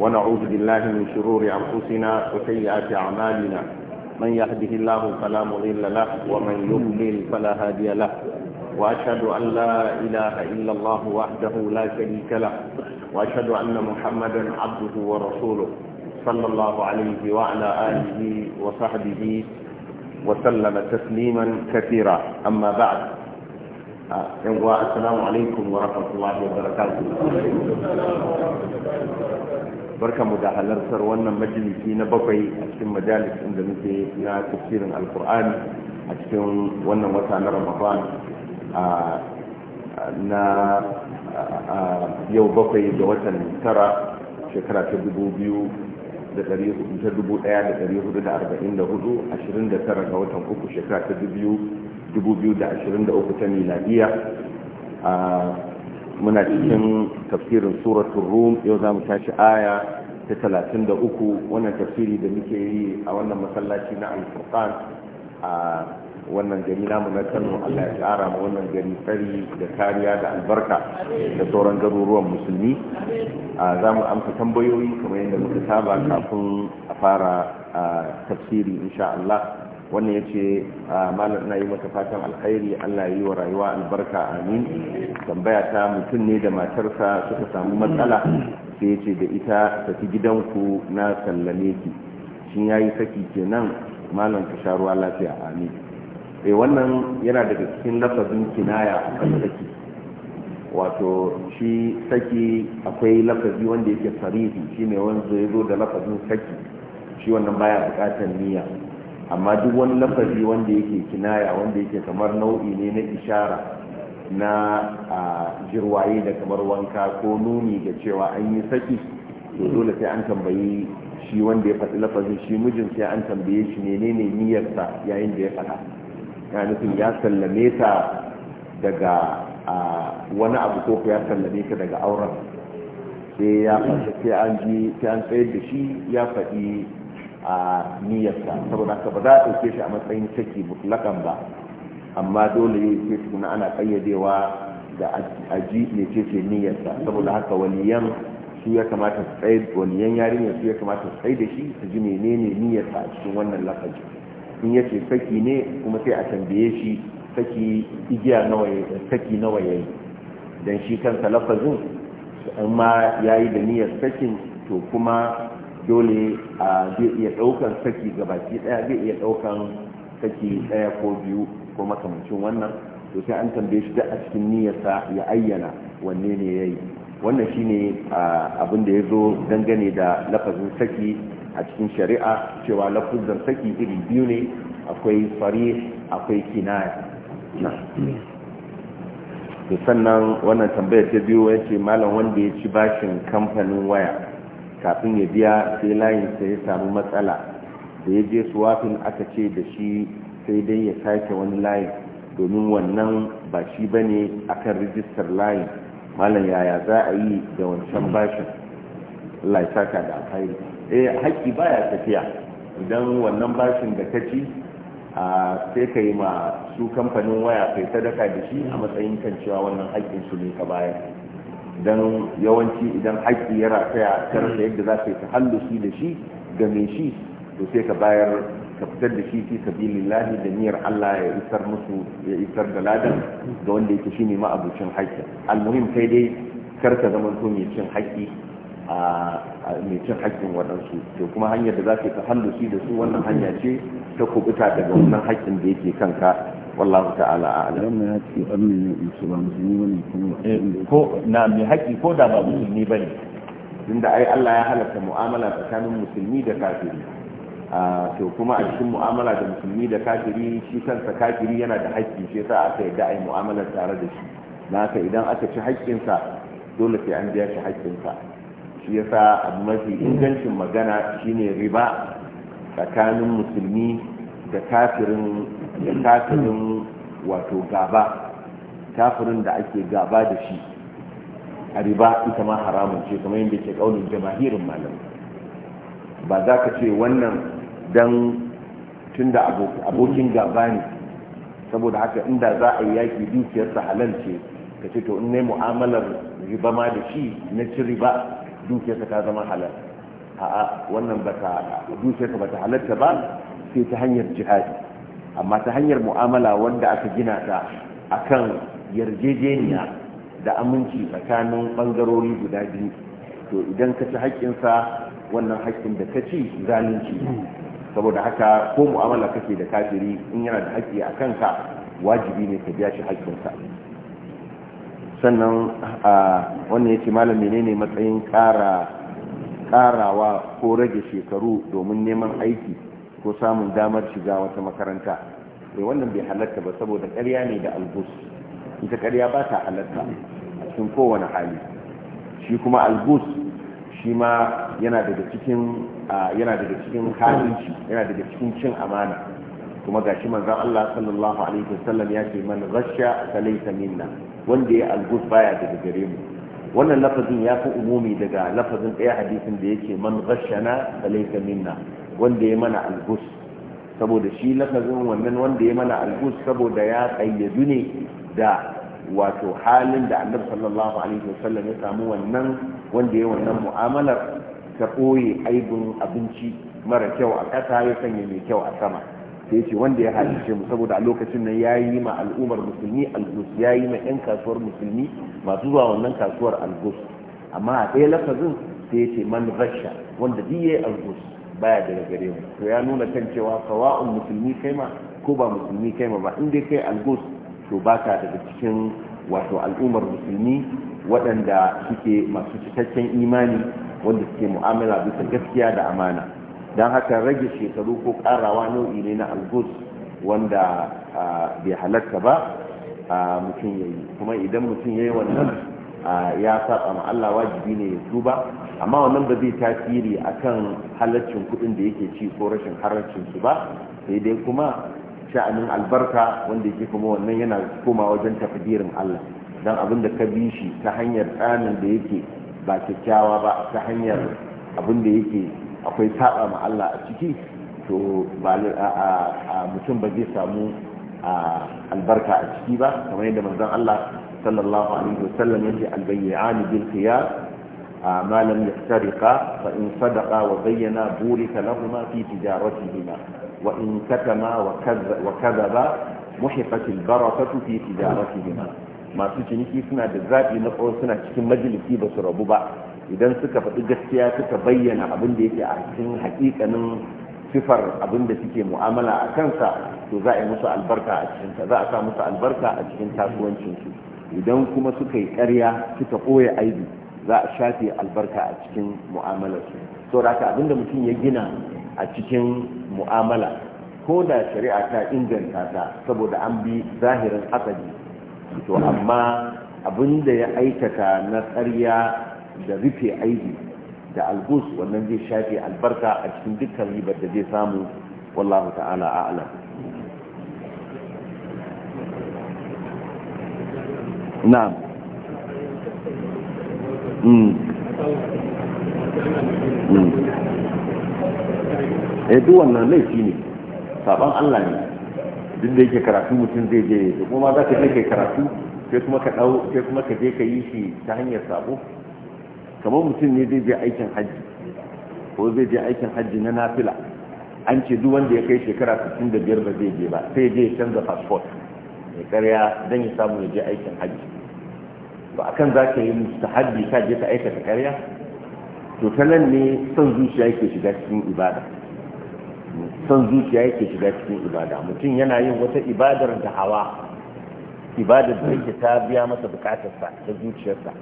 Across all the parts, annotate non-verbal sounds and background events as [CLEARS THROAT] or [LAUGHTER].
ونعوذ بالله من شرور أنفسنا وسيئات أعمالنا من يهده الله فلا مضل له ومن يضلل فلا هادي له وأشهد أن لا إله إلا الله وحده لا شريك له وأشهد أن محمدا عبده ورسوله صلى الله عليه وعلى آله وصحبه وسلم تسليما كثيرا أما بعد السلام عليكم ورحمة الله وبركاته barkamu da halartar wannan majalisi na bakwai a cikin majalis da muke na tafsirin alkur'ani a cikin wannan wata na ramadan na yau bakwai da watan tara shekara ta dubu biyu da ɗari hudu ta dubu ɗaya da dari hudu da arba'in da hudu ashirin da tara ga watan uku shekara ta dubu biyu da ashirin da uku ta miladiya muna cikin tafsirin suratul rum yau za mu tashi aya ta talatin da uku wannan tafsiri da muke yi a wannan masallaci na alfurqan a wannan gari namu na kano allah ya tsara ma wannan gari tsari da kariya da albarka da sauran garuruwan musulmi a za mu amsa tambayoyi kamar yadda muka saba kafin a fara tafsiri insha allah wannan ya ce ah, na yi masa fatan alkhairi allah yi wa rayuwa albarka amin tambaya ta mutum ne da matarsa suka samu matsala sai ya ce da ita tafi gidanku na sallame ki shin ya yi saki kenan malam ka sha ruwa lafiya amin eh wannan yana daga cikin lafazin kinaya a kan saki wato shi saki akwai lafazi wanda yake sarihi ne wanzu ya zo da lafazin saki shi wannan baya bukatar niyya amma duk wani lafazi wanda yake kinaya wanda yake kamar nau'i ne na ishara na jirwaye da kamar wanka ko nuni da cewa an yi saki to dole sai an tambayi shi wanda ya faɗi lafazin shi mijin sai an tambaye shi ne ne niyyarsa yayin da ya faɗa ya nufin ya sallame ta daga wani abu ko ya sallame ta daga auren sai ya sai sai an tsayar da shi ya faɗi a niyyarsa saboda haka ba za a ɗauke shi a matsayin saki mutlakan ba amma dole ya ce kuma ana ƙayyadewa da aji ne ce ce niyyarsa saboda haka waliyan su ya kamata su tsaye waliyan yarinyar su ya kamata su tsaye da shi su ji menene niyyarsa a cikin wannan lafazi in ya ce saki ne kuma sai a tambaye shi saki igiya nawa ya saki nawa ya yi dan shi kansa lafazin amma ya yi da niyyar sakin to kuma dole a zai iya ɗaukan saki gabaki ɗaya zai iya ɗaukan saki ɗaya ko biyu ko makamancin wannan to sai an tambaye shi da a cikin niyyarsa ya ayyana wanne ne ya yi wannan shine abin da ya zo dangane da lafazin saki a cikin shari'a cewa lafazin saki iri biyu ne akwai fari akwai kinaya to sannan wannan tambayar ta biyu ya ce malam wanda ya ci bashin kamfanin waya kafin ya biya sai layin sai ya samu matsala da ya je su wafin aka ce da shi sai dai ya sake wani layin domin wannan ba shi ba ne akan rijistar layin malam yaya za a yi da wancan bashin laifaka da alkhairi eh haƙƙi ya tafiya idan wannan bashin da ka ci sai ka yi ma su kamfanin waya kai sadaka da shi a matsayin kan cewa wannan haƙƙin su ne ka bayar don yawanci idan haƙƙi ya rataya ya karanta yadda za ka yi ta da shi ga mai shi to sai ka bayar ka fitar da shi fi sabilillahi da niyyar Allah ya isar musu ya isar da ladan ga wanda yake shi ne ma'abucin haƙƙi almuhim kai dai kar ka zama to mai cin haƙƙi a mai cin haƙƙin waɗansu to kuma hanyar da za ka yi ta da su wannan hanya ce ta kubuta daga wannan haƙƙin da yake kanka wallahu ta'ala a'lam ya ce amin musulmi eh, ko na mai haƙi ko da ba musulmi bane tunda ai Allah ya halatta mu'amala tsakanin musulmi da kafiri ah, to kuma a cikin mu'amala da musulmi da kafiri shi kansa kafiri yana da haƙƙi shi yasa aka yadda ai mu'amala tare da shi na ka idan aka ci haƙƙinsa dole sai an biya shi haƙƙinsa shi yasa abu mafi ingancin magana shine riba tsakanin musulmi da kafirin da kafirin wato gaba kafirin da ake gaba da shi a riba ita ma haramun ce kamar yadda ke kaunin jamahirin malam ba za ka ce wannan don tun da abokin gaba ne saboda haka inda za a yi yaki dukiyarsa halal ce ka ce to in ne mu'amalar riba ma da shi na ci riba dukiyarsa ta zama halal a'a wannan ba ta dukiyarsa ba ta halarta ba sai ta hanyar jihadi amma ta hanyar mu'amala wanda aka gina ta a kan yarjejeniya da aminci tsakanin ɓangarori guda biyu to idan ka ci haƙƙinsa wannan haƙƙin da ka ci zalunci saboda haka ko mu'amala kake da kafiri in yana da haƙƙi a kanka wajibi ne ka biya shi haƙƙinsa sannan wannan ya ce malam menene matsayin ƙarawa ko rage shekaru domin neman aiki ko samun damar shiga wata makaranta mai eh, wannan bai halatta ba saboda karya ne da albus ita ƙarya ba ta halatta a cikin kowane hali shi kuma albus shi ma yana daga cikin yana daga cikin yana daga cikin cin amana kuma ga shi manzan Allah sallallahu alaihi wasallam ya ce man ghasha falaysa minna wanda ya albus baya daga gare mu wannan lafazin ya fi umumi daga lafazin ɗaya hadisin da yake man rashana falaysa minna wanda ya mana algus saboda shi lafazin wannan wanda ya mana algus saboda ya kayyadu ne da wato halin da annabi sallallahu alaihi wasallam ya samu wannan wanda ya wannan mu'amalar ta boye aibin abinci mara kyau a ƙasa ya sanya mai kyau a sama sai ce wanda ya halice mu saboda a lokacin nan ya yi ma al'ummar musulmi algus ya yi ma 'yan kasuwar musulmi masu zuwa wannan kasuwar algus amma a ɗaya lafazin sai ya ce man rasha wanda duk ya yi algus baya daga gare mu to ya nuna kan cewa sawa'un musulmi kai ma ko ba musulmi kai ma ba in dai kai algus to baka daga cikin wato al'ummar musulmi waɗanda suke masu cikakken imani wanda suke mu'amala bisa gaskiya da amana don haka rage shekaru ko ƙarawa nau'i ne na algus wanda bai halatta ba mutum ya yi kuma idan mutum ya yi wannan ya saba ma Allah wajibi ne ya tuba amma wannan ba zai tasiri a kan halaccin kuɗin da yake ci ko rashin harancin su ba sai dai kuma sha'anin albarka wanda yake kuma wannan yana koma wajen tafadirin Allah don abin da ka bi shi ta hanyar tsanin da yake ba kyakkyawa ba ta hanyar abin da yake akwai saba ma Allah a ciki to ba mutum ba zai samu albarka a ciki ba kamar yadda manzon Allah sallallahu alaihi wasallam yake albayyana bil khiyar ما لم يفترقا فإن صدقا وبينا بورك لهما في تجارتهما وإن كتما وكذبا محقت البركة في تجارتهما masu ciniki suna da zaɓi na tsawon suna cikin majalisi ba su rabu ba idan suka faɗi gaskiya suka bayyana abin da yake a cikin haƙiƙanin sifar abin da suke mu'amala a kansa to za a yi musu albarka a cikin za a sa musu albarka a cikin kasuwancinsu idan kuma suka yi ƙarya suka ɓoye aibi za a shafe albarka a cikin mu'amalarsu saboda haka abinda mutum ya gina a cikin mu'amala ko da shari'a ta inganta ta saboda an bi zahirin asali to amma abinda ya aikata na tsariya da rufe aiki da algus wannan zai shafe albarka a cikin dukkan ribar da zai samu wallahu ta'ala a'lam na'am Mm. Mm. eh duk wannan laifi ne saban Allah ne duk da yake karatu mutum zai je da kuma za ka je kai karatu sai kuma ka dau sai kuma ka je ka yi shi ta hanyar sabo kamar mutum ne zai je aikin hajji ko zai je aikin hajji na nafila an ce duk wanda ya kai shekara 65 ba zai je ba sai je canza passport ya karya don ya samu ya je aikin hajji ba a kan za ka yi mustahabbi ka je ka aikata karya to ta nan ne son zuciya yake shiga cikin ibada son zuciya yake shiga cikin ibada mutum yana yin wata ibadar da hawa ibadar da yake ta biya masa bukatarsa ta zuciyarsa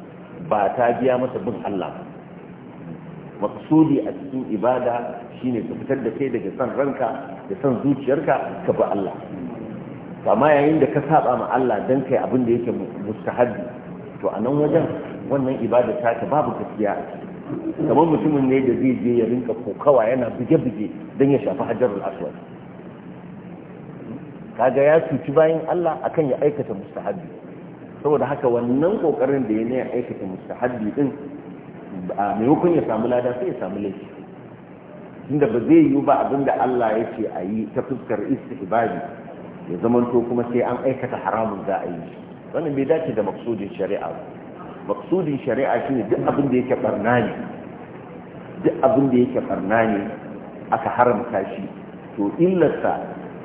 ba ta biya masa bin Allah ba maksudi a cikin ibada shine ka fitar da kai daga son ranka da son zuciyarka ka bi Allah amma yayin da ka saba ma Allah dan kai abin da yake mustahabbi to a nan wajen wannan ibada ta ta babu gaskiya kamar mutumin ne da zai je ya rinka kokawa yana buge-buge don ya shafi hajjarul aswad kaga ya cuci bayan Allah akan ya aikata mustahabbi saboda haka wannan kokarin da ya ne ya aikata mustahabbi din a maimakon ya samu lada sai ya samu laifi tunda ba zai yiwu ba abinda Allah ya ce a yi ta fuskar istihbabi ya zamanto kuma sai an aikata haramun za a yi shi wannan bai dace da maksudin shari'a maksudin shari'a shine duk abin da yake barna ne duk abin da yake barna ne aka haramta shi to illarsa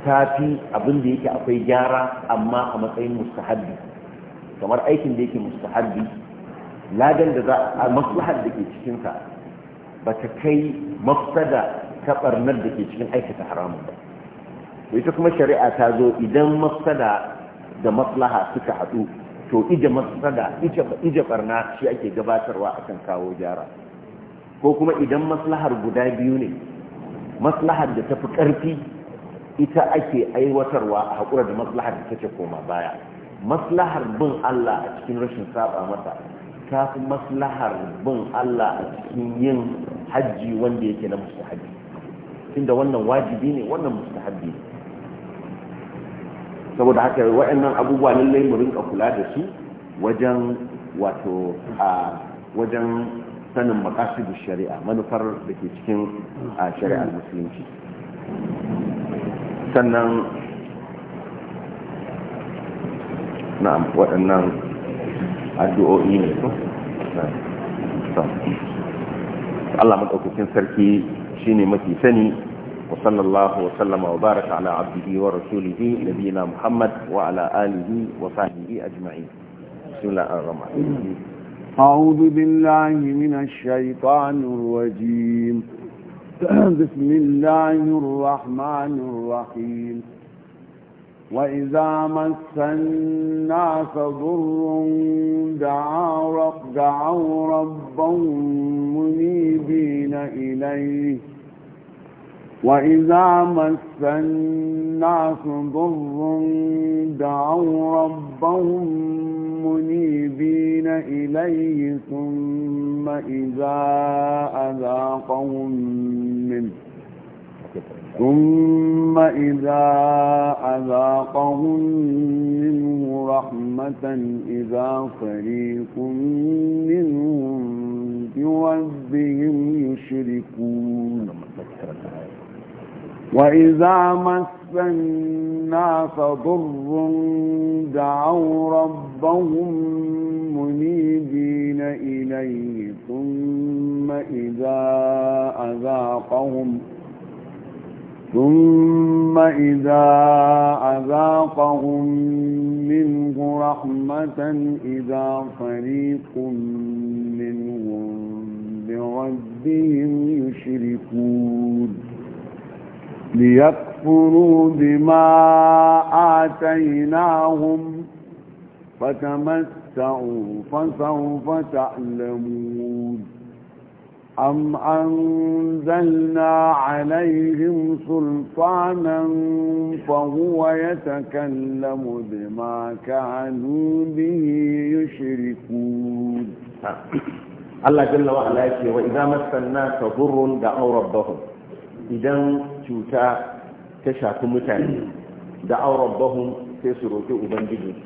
ta fi abin da yake akwai gyara amma a matsayin mustahabbi kamar aikin da yake mustahabbi ladan da za a maslahar da ke cikinsa ba ta kai mafsada ta barnar da ke cikin aikata haramun ba ita kuma shari'a ta zo idan mafsada da maslaha suka haɗu to ije masada ije barna shi ake gabatarwa akan kawo gyara ko kuma idan maslahar guda biyu ne maslahar da tafi ƙarfi ita ake aiwatarwa a haƙura da maslahar da take koma baya maslahar bin Allah a cikin rashin saba masa ta fi maslahar bin Allah a cikin yin hajji wanda yake na mustahabi tunda wannan wajibi ne wannan mustahabi ne saboda haka waɗannan abubuwa lallai mu rinka kula da su wajen wato a wajen sanin makasidu shari'a manufar da ke cikin a shari'ar musulunci sannan na waɗannan addu'o'i ne Allah maɗaukakin sarki shine mafi sani وصلى الله وسلم وبارك على عبده ورسوله نبينا محمد وعلى آله وصحبه أجمعين بسم الله الرحمن الرحيم أعوذ بالله من الشيطان الرجيم [CLEARS THROAT] بسم الله الرحمن الرحيم وإذا مس الناس ضر دعوا ربهم منيبين إليه وإذا مس الناس ضر دعوا ربهم منيبين إليه ثم إذا أذاقهم منه ثم إذا أذاقهم منه رحمة إذا فريق منهم بربهم يشركون وإذا مس الناس ضر دعوا ربهم منيبين إليه ثم إذا أذاقهم ثم إذا أذاقهم منه رحمة إذا فريق منهم بربهم يشركون ليكفروا بما آتيناهم فتمتعوا فسوف تعلمون أم أنزلنا عليهم سلطانا فهو يتكلم بما كانوا به يشركون الله جل وعلا يقول وإذا مس الناس ضر دعوا ربهم إذا cuta ta shafi mutane da bahun sai su roƙi ubangijinsu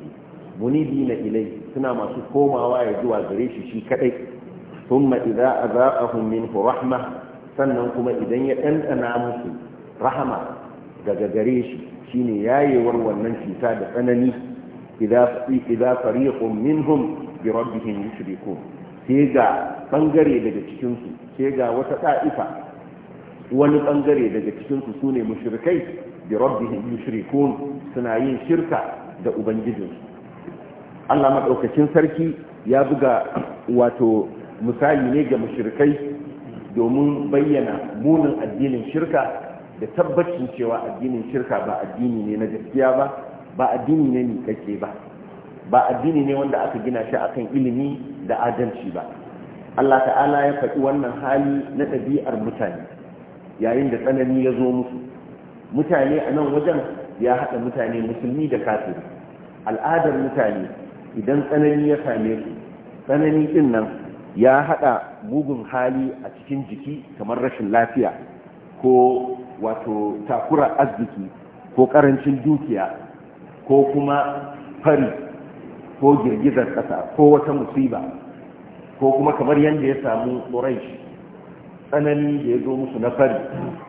munibi na ilai suna masu komawa ya zuwa gare shi shi kadai thumma idza azaahum minhu rahma sannan kuma idan ya ɗanɗana musu rahama daga gare shi shine yayewar wannan cuta da tsanani idza idza fariqun minhum bi rabbihim yushrikun sai ga bangare daga cikin su sai ga wata ta'ifa wani ɓangare daga cikinsu su sune mushrikai bi rabbihim yushrikun suna yin shirka da ubangijinsu. Allah maɗaukacin sarki ya buga wato misali ne ga mushrikai domin bayyana munin addinin shirka da tabbacin cewa addinin shirka ba addini ne na gaskiya ba ba addini ne miƙaƙe ba ba addini ne wanda aka gina shi akan ilimi da adalci ba Allah ta'ala ya faɗi wannan hali na ɗabi'ar mutane yayin da tsanani ya zo musu mutane a nan wajen ya haɗa mutane musulmi da kafiri al'adar mutane idan tsanani ya same su tsanani ɗin nan ya haɗa mugun hali a cikin jiki kamar rashin lafiya ko wato takura arziki ko ƙarancin dukiya ko kuma fari ko girgizar ƙasa ko wata musiba ko kuma kamar yadda ya samu ƙorai. tsanani da ya zo musu na fari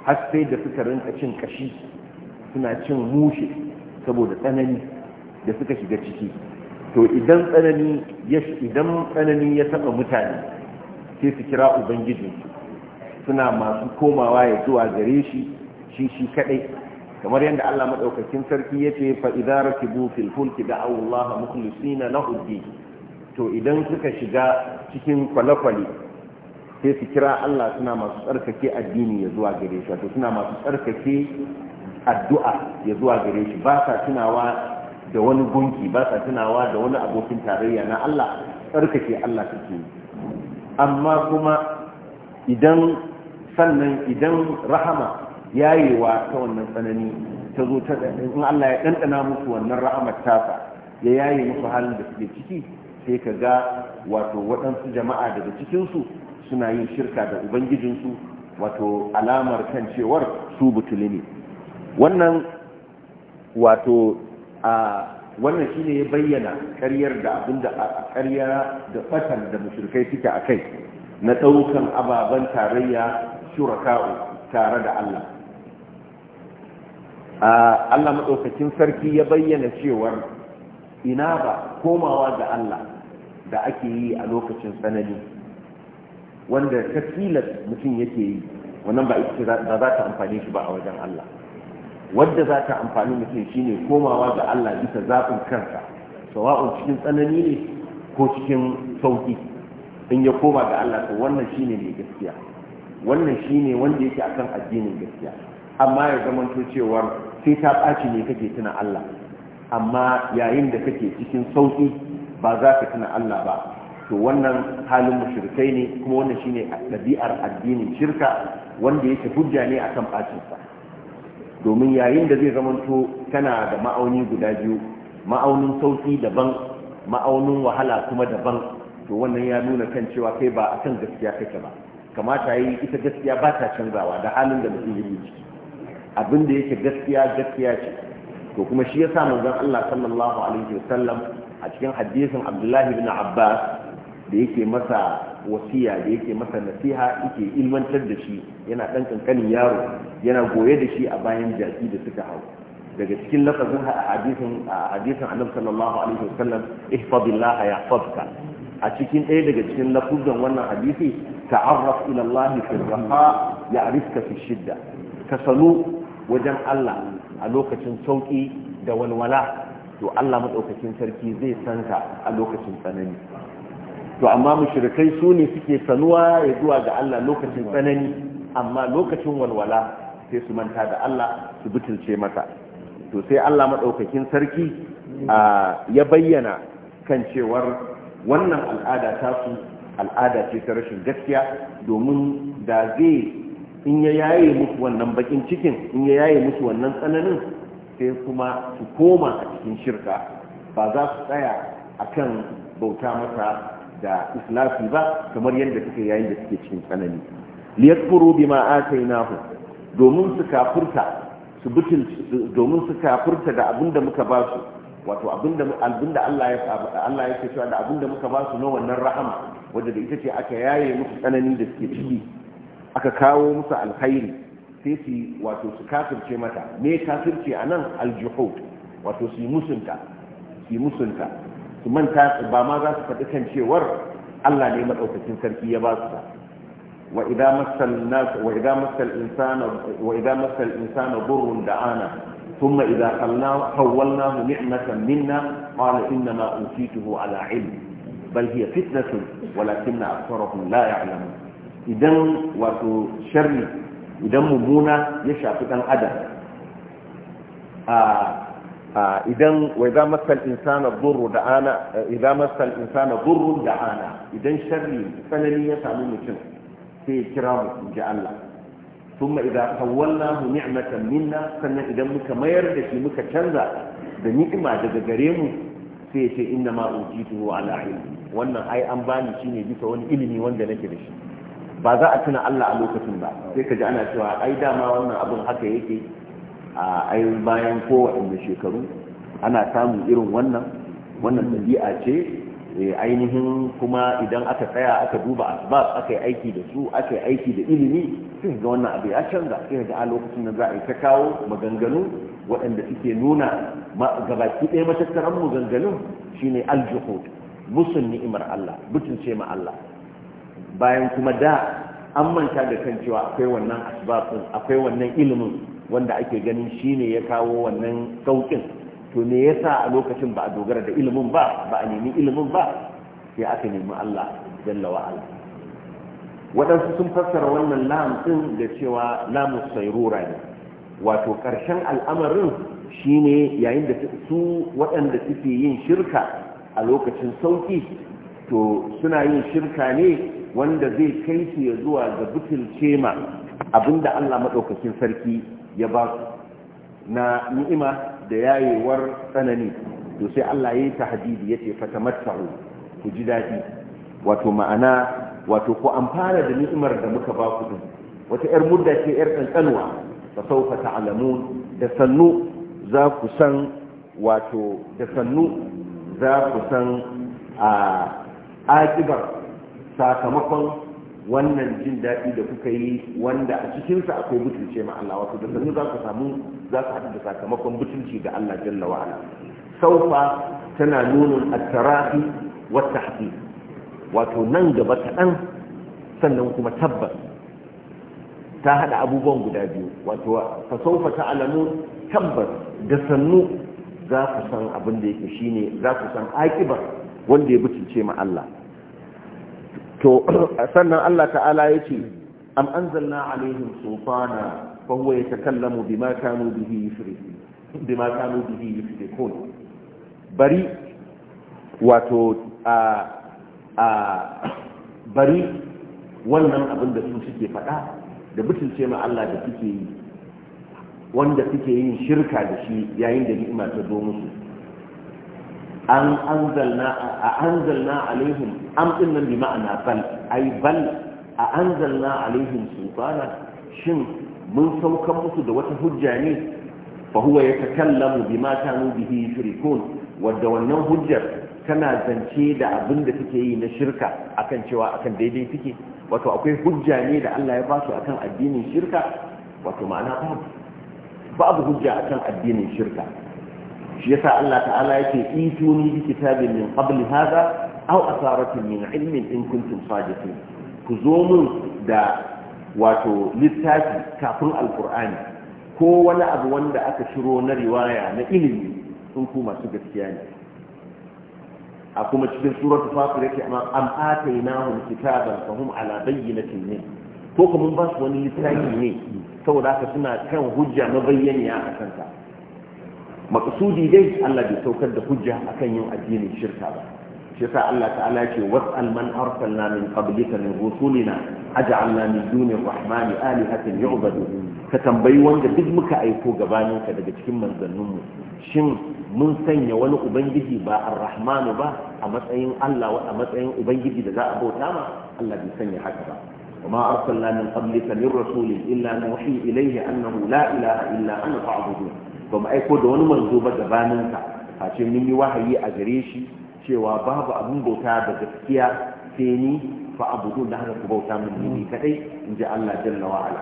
har sai da suka rinka cin kashi suna cin mushe saboda tsanani da suka shiga ciki to idan tsanani ya idan tsanani ya taba mutane sai su kira ubangijin suna masu komawa ya zuwa gare shi shi shi kadai kamar yadda Allah madaukakin sarki yace fa idza rakibu fil fulki da'u Allah mukhlisina lahu to idan suka shiga cikin kwale-kwale. sai su kira Allah suna masu tsarkake addini ya zuwa gare shi wato suna masu tsarkake addu'a ya zuwa gare shi ba sa tunawa da wani gunki ba sa tunawa da wani abokin tarayya na Allah tsarkake Allah suke amma kuma idan sannan idan rahama yayewa ta wannan tsanani ta zo ta in Allah ya ɗanɗana musu wannan rahamar tasa ya yaye musu halin da suke ciki sai ka ga wato waɗansu jama'a daga cikinsu suna yin shirka da ubangijinsu wato alamar kan cewar su butuli ne wannan wato a wannan shine ya bayyana karyar da abinda a karya da fatan da mushrikai suke a kai na ɗaukan ababen tarayya shuraka'u tare da Allah Allah maɗaukakin sarki ya bayyana cewar ina ba komawa ga Allah da ake yi a lokacin tsanani wanda ta tilas mutum yake yi wannan ba za ta amfani shi ba a wajen Allah wanda za ta amfani mutum shine komawa ga Allah bisa zaɓin kansa sawa'un cikin tsanani ne ko cikin sauƙi in ya koma ga Allah to wannan shine mai gaskiya wannan shine wanda yake akan addinin gaskiya amma ya zama zamanto cewar sai ta ɓaci ne kake tuna Allah amma yayin da kake cikin sauƙi ba za ka tuna Allah ba to wannan halin mushrikai ne kuma wannan shine ɗabi'ar addinin shirka wanda yake hujja ne akan bacin sa domin yayin da zai zamanto kana da ma'auni guda biyu ma'aunin sauki daban ma'aunin wahala kuma daban to wannan ya nuna kan cewa kai ba kan gaskiya kake ba kamata yi ita gaskiya ba ta canzawa da halin da mutum yake ciki abin da yake gaskiya gaskiya ce to kuma shi yasa manzon Allah sallallahu alaihi wasallam a cikin hadisin Abdullahi ibn Abbas da yake masa wasiya da yake masa nasiha yake ilmantar da shi yana dan kankanin yaro yana goye da shi a bayan jaki da suka hau daga cikin lafazin hadisin a hadisin annabi sallallahu alaihi wasallam yahfazka a cikin ɗaya daga cikin lafuzan wannan hadisi ta'arraf ila Allah fi raha ya'rifka fi shidda ka sanu wajen Allah a lokacin sauki da walwala to Allah madaukakin sarki zai san ka a lokacin tsanani to amma mushrikai su ne suke sanuwa ya zuwa ga Allah lokacin tsanani amma lokacin walwala sai su manta da Allah su butulce mata to sai Allah maɗaukakin sarki ya bayyana kan cewar wannan al'ada ta su al'ada ce ta rashin gaskiya domin da zai in ya yaye musu wannan bakin cikin in ya yaye musu wannan tsananin sai kuma su koma a cikin shirka ba za su tsaya akan bauta masa da islafi ba kamar yadda suke yayin da suke cikin tsanani liyakuru bima atainahu domin su kafurta su butul domin su kafurta da abinda muka ba su wato abinda abinda Allah ya Allah yake cewa da abinda muka ba su na wannan rahama wanda da ita ce aka yaye musu tsananin da suke ciki aka kawo musu alkhairi sai su wato su kafirce mata me kafirce anan aljuhud wato su musunta su musunta su manta ba ma za su faɗi kan cewar Allah ne maɗaukakin sarki ya ba su ba wa idza massa al-insana burrun da'ana thumma idza khalna hawwalna ni'matan minna qala innama utituhu ala ilm bal hiya fitnatun walakin aktharuhum la ya'lamun idan wato sharri idan mumuna ya shafi ɗan adam a idan wai za masal insana durru da ana idan masal insana durru da ana idan sharri tsanani ya sami mutum sai ya kira mu ji Allah idan idza tawallahu ni'matan minna sannan idan muka mayar da shi muka canza da ni'ima daga gare mu sai ya ce inna ma ujituhu ala ilmi wannan ai an bani shine bisa wani ilimi wanda nake da shi ba za a tuna Allah a lokacin ba sai ka ji ana cewa ai dama wannan abin haka yake a ai bayan kowane shekaru ana samun irin wannan wannan tabi'a ce eh, ainihin kuma idan aka tsaya aka duba asbab aka yi aiki da su aka yi aiki da ilimi sai ga wannan abu ya canza sai ga a lokacin da za a yi ta kawo maganganu waɗanda suke nuna gabaki ɗaya matattaran maganganun shine aljuhud musun ni'imar Allah mutunce ma Allah bayan kuma da an manta da kan cewa akwai wannan asbab akwai wannan ilimin wanda ake ganin shi ne ya kawo wannan saukin to ne ya sa a lokacin ba a dogara da ilimin ba ba a nemi ilimin ba sai aka nemi Allah jalla wa ala waɗansu sun fassara wannan lam ɗin da cewa lamu sairura ne wato ƙarshen al'amarin shi ne yayin da su waɗanda suke yin shirka a lokacin sauki to suna yin shirka ne wanda zai kai su ya zuwa ga butul ma abinda Allah maɗaukakin sarki ya ba su na ni'ima da yayewar tsanani to sai Allah ya yi tahdidi yace fatamattu ku ji dadi wato ma'ana wato ku amfana da ni'imar da muka ba ku din wata yar mudda ce yar kankanwa fa sawfa ta'lamun da sannu za ku san wato da sannu za ku san a akibar sakamakon wannan jin daɗi da kuka yi wanda a cikinsa akwai butulce ma Allah wato da sannu za ku samu za ku haɗu da sakamakon butulci ga Allah jalla wa ala saufa tana nunin at-tarahi wa wato nan gaba kaɗan sannan kuma tabbas ta haɗa abubuwan guda biyu wato fa saufa ta'lamu tabbas da sannu za ku san abin da yake shine za ku san aƙibar wanda ya butulce ma Allah to [CLEARS THROAT] sannan Allah ta'ala ya ce am anzalna alaihim sultana fa huwa yatakallamu bima kanu bihi yushrikun bima kanu bihi yushrikun bari wato a a bari wannan abin da su suke faɗa da butulce ma Allah da suke yi wanda suke yin shirka da shi yayin da ni'ima ta zo musu an anzalna a anzalna alaihim am din nan bi ma'ana bal ai bal a anzalna alaihim sultana shin mun saukan musu da wata hujja ne fa huwa yatakallamu bima kanu bihi yushrikun wadda wannan hujjar tana zance da abin da suke yi na shirka akan cewa akan daidai suke wato akwai hujja ne da Allah ya ba su akan addinin shirka wato ma'ana babu babu hujja akan addinin shirka shi yasa Allah ta'ala yake ituni bi kitabin min qabli hadha aw asaratin min ilmin in kuntum sadiqin ku zo mun da wato littafi kafin alqur'ani ko wani abu wanda aka shiro na riwaya na ilimi sun ku masu gaskiya ne a kuma cikin suratul fatir yake amma am atainahum kitaban fahum ala bayyinatin min ko kuma ba su wani littafi ne saboda haka suna kan hujja mabayyaniya a kanta maqsudi dai Allah bai saukar da hujja akan yin addinin shirka ba shi sa Allah ta'ala ce was'al man arsalna min qablika min rusulina aj'alna min dunir rahmani alihatan yu'badu ka tambayi wanda duk muka aiko gabanin ka daga cikin manzannin mu shin mun sanya wani ubangiji ba ar-rahmanu ba a matsayin Allah a matsayin ubangiji da za a bauta ma Allah bai sanya haka ba وما أرسلنا من قبلك من رسول إلا نوحي إليه أنه لا إله إلا أنا فاعبدون ba mu aiko da wani manzo ba gabaninsa a ce mun yi wahayi a gare shi cewa babu abin bauta da gaskiya sai ni fa abudu da haka ku bauta min ni kadai in ji Allah jalla wa ala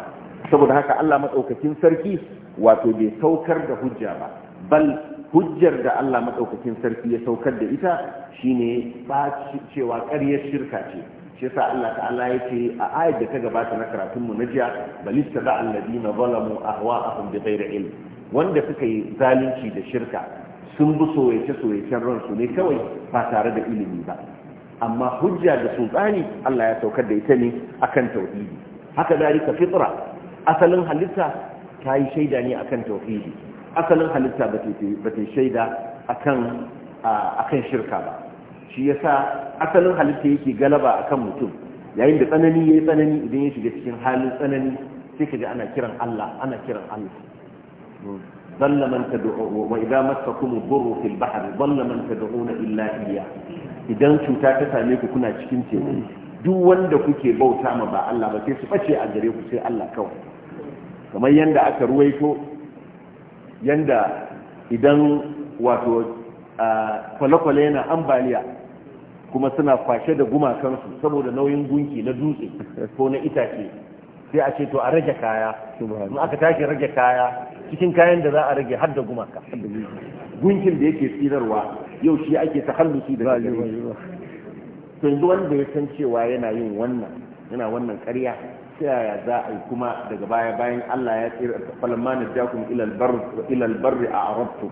saboda haka Allah madaukakin sarki wato bai saukar da hujja ba bal hujjar da Allah madaukakin sarki ya saukar da ita shine ba cewa ƙaryar shirka ce shi yasa Allah ta'ala ya ce a ayat da ta gabata na karatun mu na jiya balista da alladina zalamu ahwa'ahum bi ghairi ilm wanda suka yi zalunci da shirka sun bi soyace-soyacen ransu ne kawai ba tare da ilimi ba amma hujja da sultani Allah ya saukar da ita ne akan tauhidi haka dalika fitra asalin halitta ta yi shaida ne akan tauhidi asalin halitta ba ta shaida akan akan shirka ba shi yasa asalin halitta yake galaba akan mutum yayin da tsanani yayi tsanani idan ya shiga cikin halin tsanani sai ka ji ana kiran Allah ana kiran Allah ضل من تدعو واذا مسكم الضر في البحر ضل من تدعون الا اياه idan cuta ta same ku kuna cikin teku duk wanda kuke bauta ma ba Allah ba sai su bace a gare ku sai Allah kawai kamar yanda aka ruwaito yanda idan wato kwale-kwale yana ambaliya kuma suna kwashe da gumakansu saboda nauyin gunki na dutse ko na itace sai a ce to a rage kaya in aka tashi rage kaya cikin kayan da za a rage har da gumaka gunkin da yake tsirarwa yau shi ake ta tahallusi da to yanzu wanda ya san cewa yana yin wannan yana wannan ƙarya ta yaya za a yi kuma daga baya bayan Allah ya tsira falamma najakum ila albar a arabtu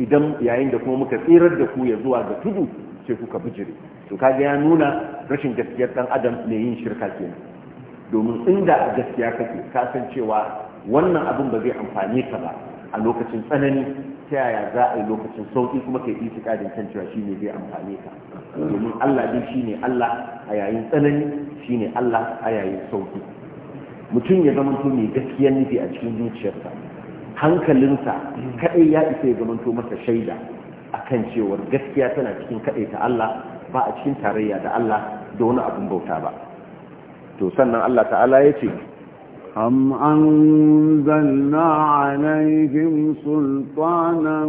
idan yayin da kuma muka tsirar da ku ya zuwa ga tudu sai kuka bijire to kaga ya nuna rashin gaskiyar dan adam ne yin shirka kenan domin inda gaskiya kake ka san cewa wannan abin ba zai amfani ka ba a lokacin tsanani ta yaya za a yi lokacin sauƙi kuma ka yi itikadin kan cewa ne zai amfani ka domin Allah din ne Allah a yayin tsanani shi ne Allah a yayin sauƙi mutum ya zama to mai gaskiyar nufi a cikin zuciyarsa hankalinsa kaɗai ya isa ya zama to masa shaida a kan cewar gaskiya tana cikin kaɗai ta Allah ba a cikin tarayya da Allah da wani abin bauta ba to sannan Allah ta'ala ya ce أم أنزلنا عليهم سلطانا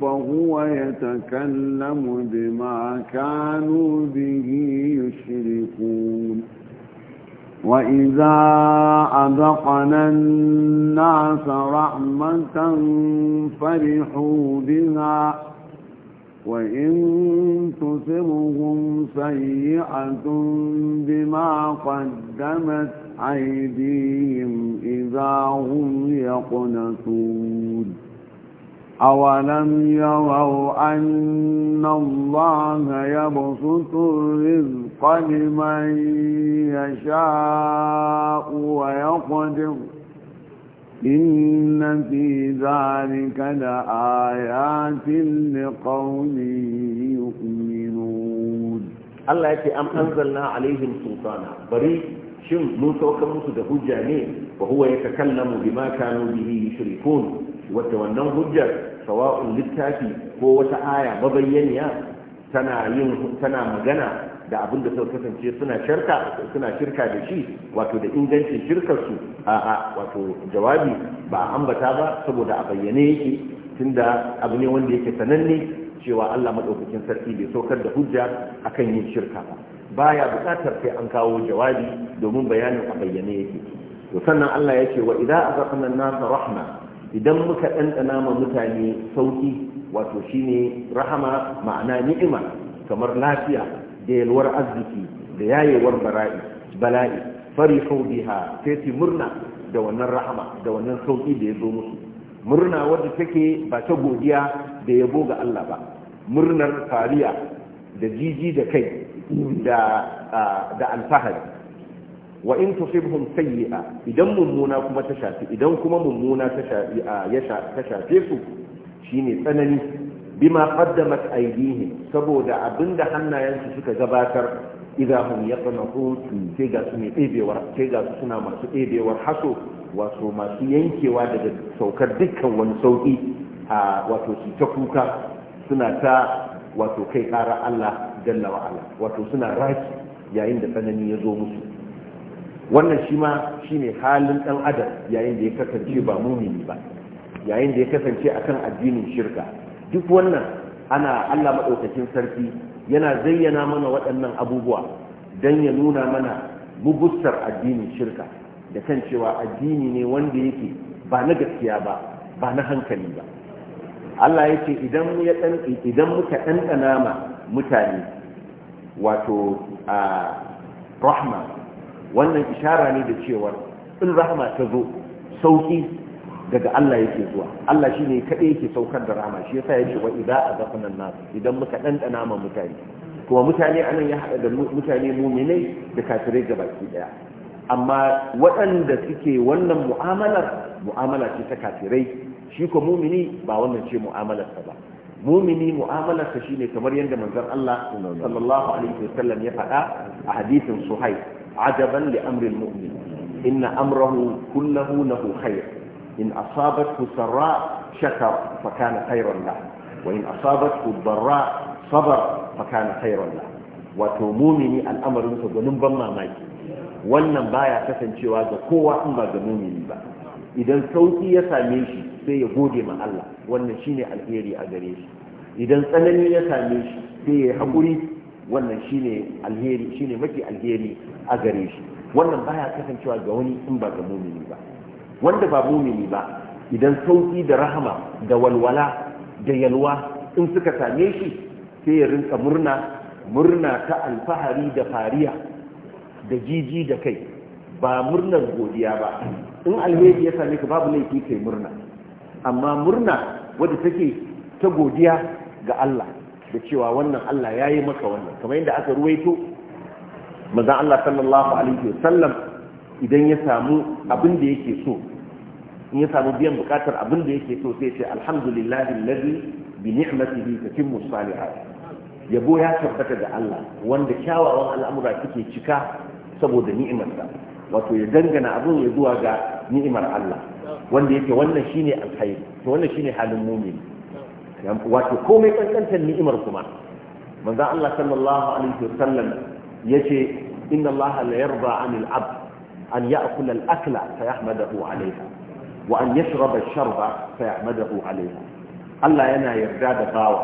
فهو يتكلم بما كانوا به يشركون وإذا أذقنا الناس رحمة فرحوا بها وإن تصبهم سيئة بما قدمت أيديهم إذا هم يقنطون أولم يروا أن الله يبسط الرزق لمن يشاء ويقدر إن في ذلك لآيات لقوم يؤمنون الله يتي أم أنزلنا عليهم سلطانا بريء شم من توكا مسد هجاني وهو يتكلم بما كانوا به يشركون وتونوا هجة سواء للتاتي هو وتآية مبينية تنا, تنا مجنى da abin da suka kasance suna shirka suna shirka da shi wato da ingancin shirkarsu? su a a wato jawabi ba a ambata ba saboda a bayyane yake tunda abu ne wanda yake sananne cewa Allah madaukakin sarki bai saukar da hujja akan yin shirka ba baya bukatar sai an kawo jawabi domin bayanin a bayyane yake to sannan Allah ya ce wa idza azaqna an-nasa rahma idan muka dandana ma mutane sauki wato shine rahama ma'ana ni'ima kamar lafiya da yalwar arziki da yayewar bara'i bala'i fari biha sai su murna da wannan rahama da wannan sauki da ya zo musu murna wadda take ba ta godiya da yabo ga Allah ba murnar fariya da jiji da kai da alfahari wa in tusibhum sayyi'a idan mummuna kuma ta shafi idan kuma mummuna ta shafi ya ta shafe su shine tsanani bima qaddamat aydihim saboda abinda hannayensu suka gabatar idan hum yaqnaqun sai ga su ne ɗebewar sai ga su suna masu ɗebewar haso wato masu yankewa daga saukar dukkan wani sauki a wato su ta kuka suna ta wato kai ƙara Allah jalla wa ala wato suna raki yayin da tsanani ya zo musu wannan shi ma shine halin ɗan adam yayin da ya kasance ba mumini ba yayin da ya kasance akan addinin shirka duk wannan ana Allah maɗaukakin sarki yana zayyana mana waɗannan abubuwa don ya nuna mana mugustar addinin shirka da kan cewa addini ne wanda yake ba na gaskiya ba ba na hankali ba Allah ya ce idan muka ɗanɗana ma mutane wato a rahma wannan ishara ne da cewar in rahma ta zo sauƙi daga Allah yake zuwa Allah ne kadai yake saukar da rahama shi yasa yace wa idza azaqna an-nas idan muka dandana ma mutane kuma mutane anan ya haɗa da mutane mu'minai da kafirai gabaki ɗaya, amma waɗanda suke wannan mu'amalar mu'amala ce ta kafirai shi ko mumini ba wannan ce mu'amalarsa ba mumini mu'amalarsa shine kamar yadda manzon Allah sallallahu alaihi wasallam ya faɗa a hadisin Suhaib ajaban li amril mu'min inna amrahu kullahu lahu khair in asabathu sarra shakar fa kana khairan lahu wa in asabathu darra sabar fa kana khairan lahu wato mumini al'amarin sa gwanin ban mamaki wannan baya kasancewa ga kowa in ba ga mumini ba idan sauki ya same shi sai ya gode ma Allah wannan shine alheri a gare shi idan tsanani ya same shi sai ya haƙuri wannan shine alheri shine mafi alheri a gare shi wannan baya kasancewa ga wani in ba ga mumini ba wanda ba mumini ba idan sauki da rahama da walwala da yalwa in suka same shi sai ya rinka murna murna ta alfahari da fariya da jiji da kai ba murnar godiya ba in alheri ya same ka babu laifi kai murna amma murna wadda take ta godiya ga Allah da cewa wannan Allah ya yi maka wannan kamar yadda aka ruwaito manzon Allah sallallahu alaihi wasallam idan ya samu abin da yake so in ya samu biyan bukatar abin da yake so sai ce alhamdulillahi alladhi bi ni'matihi tatimmu salihat yabo ya tabbata da Allah wanda kyawawan al'amura suke cika saboda ni'imarsa wato ya dangana abin ya zuwa ga ni'imar Allah wanda yake wannan shine alkhairi to wannan shine halin mu'min wato komai kankantar ni'imar kuma manzo Allah sallallahu alaihi wasallam yace inna Allah la yarda 'anil 'abd أن يأكل الأكل فيحمده عليها وأن يشرب Allah yana yarda da bawa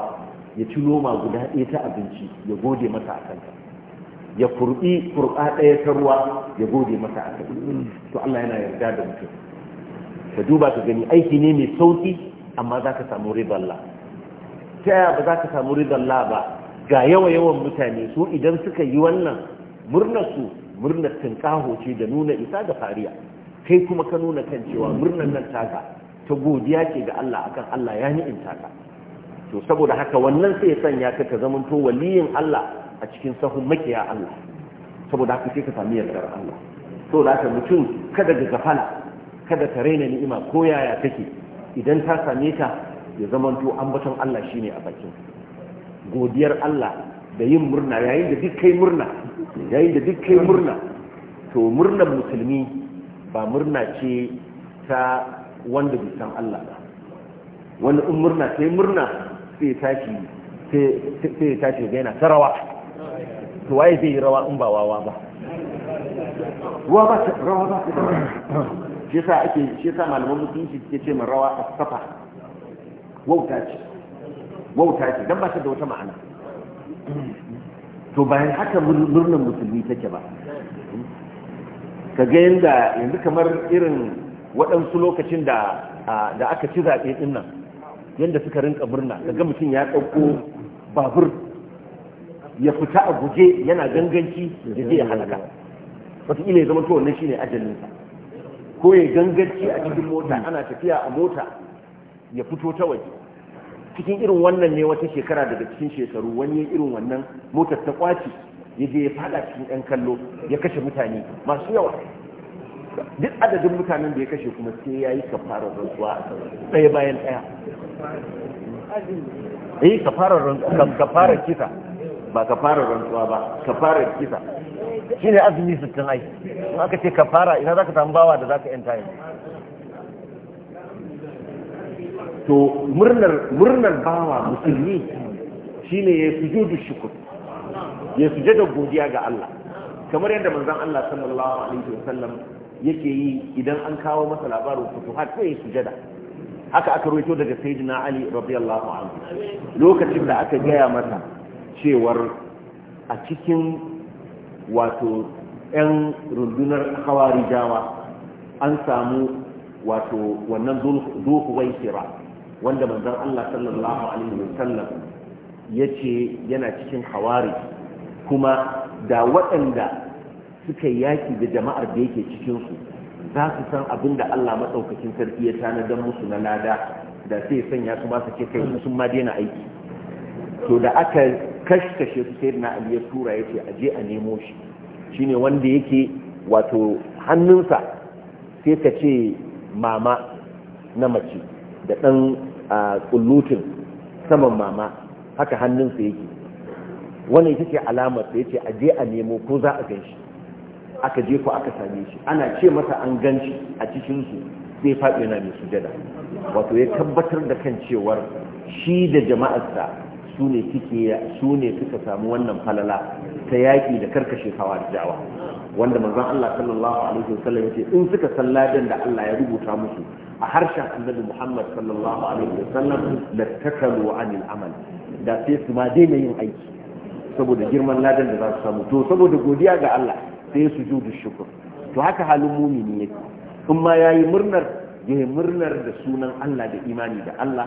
ya ci noma guda ɗaya ta abinci ya gode masa a kanta ya kurɓi kurɓa ɗaya ta ruwa ya gode masa a kanta to Allah yana yarda da mutum ka duba ka gani aiki ne mai sauƙi amma za ka samu riballa ta yaya ba za ka samu riballa ba ga yawa yawan mutane su idan suka yi wannan murnar su murnar tunkaho ce da nuna isa da fariya kai kuma ka nuna kan cewa murnar nan taka ta godiya ce ga Allah akan Allah ya ni'imta ka to saboda haka wannan sai ya sanya ka ka zamanto waliyin Allah a cikin sahun makiya Allah saboda haka sai ka sami yardar Allah to da ka mutum kada ga gafala kada ka raina ni'ima ko yaya take idan ta same ka ya zamanto ambaton Allah shine a bakin godiyar Allah da yin murna yayin da duk kai murna yayin da duk kai murna to murnar musulmi ba murna ce ta wanda bai san Allah ba wanda in murna sai murna sai tashi sai tashi ga yana ta rawa to waye zai yi rawa in ba wawa ba wawa ba rawa ba ta shi yasa ake shi yasa malaman musulunci suke ce min rawa a safa wauta ce wauta ce dan ba ta da wata ma'ana to bayan haka murnar musulmi take ba ka ga yadda yanzu kamar irin waɗansu lokacin da aka ci zaɓe ɗin nan yadda suka rinka murna ka ga mutum ya ɗauko babur ya fita a guje yana ganganci da zai halaka wataƙila ya zama to wannan shine sa ko ya ganganci a cikin mota ana tafiya a mota ya fito ta waje cikin irin wannan ne wata shekara daga cikin shekaru wani ya irin wannan motar ta kwaci ya je ya fada cikin ɗan kallo ya kashe mutane masu yawa duk adadin mutanen da ya kashe kuma sai ya yi kafarar rantsuwa ɗaya bayan ɗaya eh kafarar rantsuwa kafarar kisa ba kafarar rantsuwa ba kafarar kisa shine azumi sittin ai in aka ce kafara ina zaka samu bawa da zaka yanta yanzu to murnar murnar bawa musulmi shine ya sujudu shukur ya da godiya ga Allah kamar yadda manzon Allah sallallahu alaihi wasallam yake yi idan an kawo masa labarin futuhat sai ya sujada haka aka ruwaito daga sayyidina Ali radiyallahu anhu lokacin da aka gaya masa cewar a cikin wato 'yan rundunar hawari jawa an samu wato wannan zuhuwai ba. wanda manzon Allah sallallahu alaihi wasallam yace yana cikin hawari kuma da waɗanda suka yaki da jama'ar da yake cikin su za su san abin da Allah madaukakin sarki ya tana dan musu na lada da sai sanya su ba su ce kai sun ma daina aiki to da aka kashkashe su sai na Ali ya tura yace a je a nemo shi shine wanda yake wato hannunsa sai ka ce mama na mace da ɗan a kullutin saman mama haka hannunsa yake wannan ita ce alamar sa yace a a nemo ko za a ganshi aka je ko aka same shi ana ce masa an ganshi a cikin su sai faɗi yana mai sujada wato ya tabbatar da kan cewar shi da jama'arsa su ne suke su ne suka samu wannan falala ta yaƙi da karkashe jawa wanda manzon Allah sallallahu alaihi wasallam yace in suka san ladan da Allah ya rubuta musu a harshen annabi muhammad sallallahu alaihi sallam da takalu anil amal da sai su ma daina yin aiki saboda girman ladan da za su samu to saboda godiya ga Allah sai su judu shukur to haka halin mumini yake in ma yayi murnar murnar da sunan Allah da imani da Allah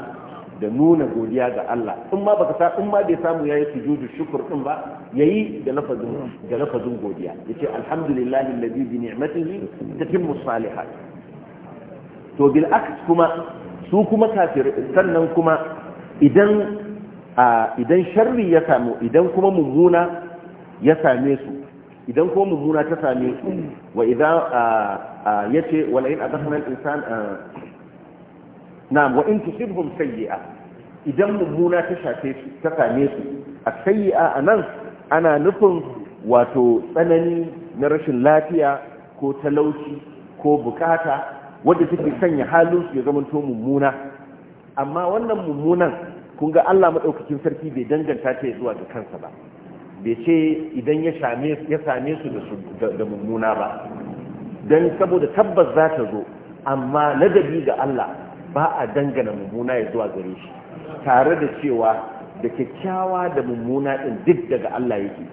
da nuna godiya ga Allah in ma baka sa in ma bai samu yayi sujudu shukr din ba yayi da lafazin da lafazin godiya yace alhamdulillahi alladhi bi ni'matihi tatimmu salihat to bil kuma su kuma kafir sannan kuma idan idan sharri ya samu idan kuma mummuna ya same su idan kuma mummuna ta same su wa idan yace wala in adkhana al insan na'am wa in tusibhum idan mummuna ta shafe su ta same su a a anan ana nufin wato tsanani na rashin lafiya ko talauci ko bukata Wanda suke sanya halin su ya zamanto mummuna amma wannan mummunan kun ga Allah madaukakin sarki bai danganta ta zuwa ga kansa ba bai ce idan ya same su da da mummuna ba dan saboda tabbas za ta zo amma ladabi ga Allah ba a dangana mummuna ya zuwa gare shi tare da cewa da kyakkyawa da mummuna din duk daga Allah yake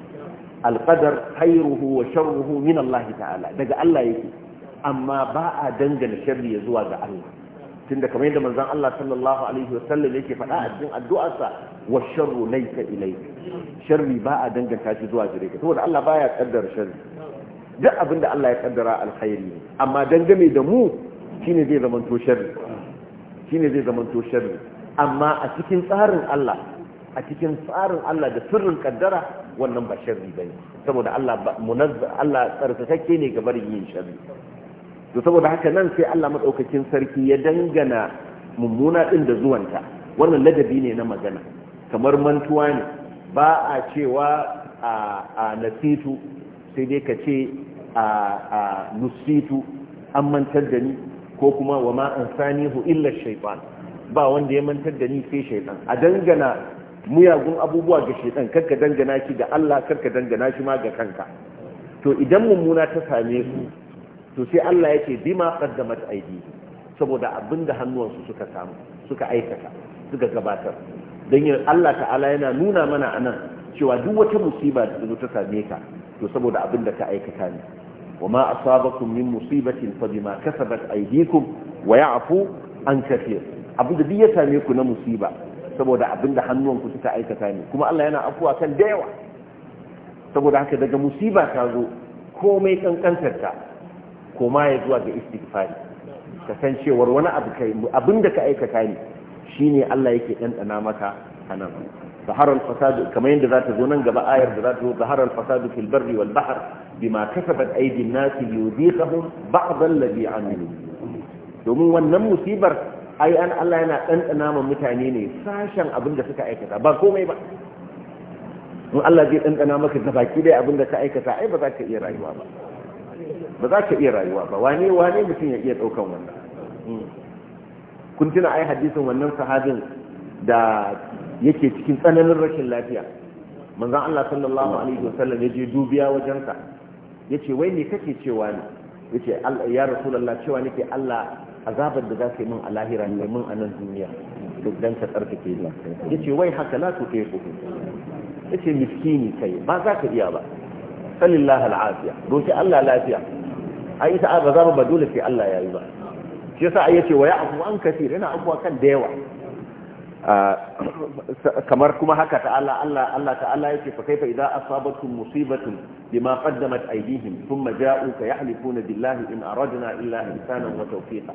alqadar khairuhu wa sharruhu min Allah ta'ala daga Allah yake amma ba a dangana sharri ya zuwa ga Allah tunda kamar yadda manzon Allah sallallahu alaihi wa wasallam yake faɗa a cikin addu'arsa wa sharru laysa ilayka sharri ba a danganta shi zuwa gare ka saboda Allah baya kaddara sharri duk abinda Allah ya kaddara alkhairi ne amma dangane da mu shine zai zama to sharri shine zai zama to sharri amma a cikin tsarin Allah a cikin tsarin Allah da sirrin kaddara wannan ba sharri bane saboda Allah munazzah Allah tsarkake ne ga barin yin sharri to saboda haka nan sai Allah madaukakin sarki ya dangana mummuna ɗin da zuwanta wannan ladabi ne na magana kamar mantuwa ne ba a cewa a nasitu sai dai ka ce a nusitu an mantar da ni ko kuma wa ma an sanihu illa shaitan ba wanda ya mantar da ni sai shaitan a dangana muyagun abubuwa ga shaitan karka dangana shi ga Allah karka dangana shi ma ga kanka to idan mummuna ta same su to sai Allah ya ce bima qaddamat aydihim saboda abinda hannuwansu suka samu suka aikata suka gabatar don yin Allah ta'ala yana nuna mana a nan cewa duk wata musiba da zo ta same ka to saboda abinda ka aikata ne wa ma asabakum min musibatin fa bima kasabat aydikum wa ya'fu an kathir abin da duk ya same ku na musiba saboda abinda hannuwanku suka aikata ne kuma Allah yana afuwa kan da yawa saboda haka daga musiba ta zo komai kankantar ta koma ya zuwa ga istighfari ka san cewar wani abu kai abin da ka aikata ne shine Allah yake dandana maka anan zahara al-fasad kamar yadda zata zo nan gaba ayar da zata zo zahara al-fasad fil barri wal bahr bima kasabat aydin nas yudhiqahum ba'd alladhi amilu domin wannan musibar ai an Allah yana dandana ma mutane ne sashen abin da suka aikata ba komai ba in Allah zai dandana maka da baki dai abin da ka aikata ai ba za ka iya rayuwa ba ba za ka iya rayuwa ba wane wane mutum ya iya ɗaukan wannan hmm. kun tuna ai hadisin wannan sahabin da yake cikin tsananin rashin lafiya manzon Allah sallallahu alaihi wasallam ya je dubiya ka yace wai me kake cewa ne yace ya rasulullah cewa nake Allah azabar da za ka yi min a lahira ne min a nan duniya duk dan ka tsarkake ni yace wai haka la tuqifu yace miskini kai ba za ka iya ba salillah al'afiya roki Allah lafiya ai ba za mu ba dole sai Allah ya yi ba shi yasa ai yace wa abu an kafi yana abuwa kan da yawa ah, kamar kuma haka ta'ala Allah Allah ta'ala yake fa kaifa idza asabatkum musibatun bima qaddamat aydihim thumma ja'uka yahlifuna billahi in aradna illa ihsanan wa tawfiqa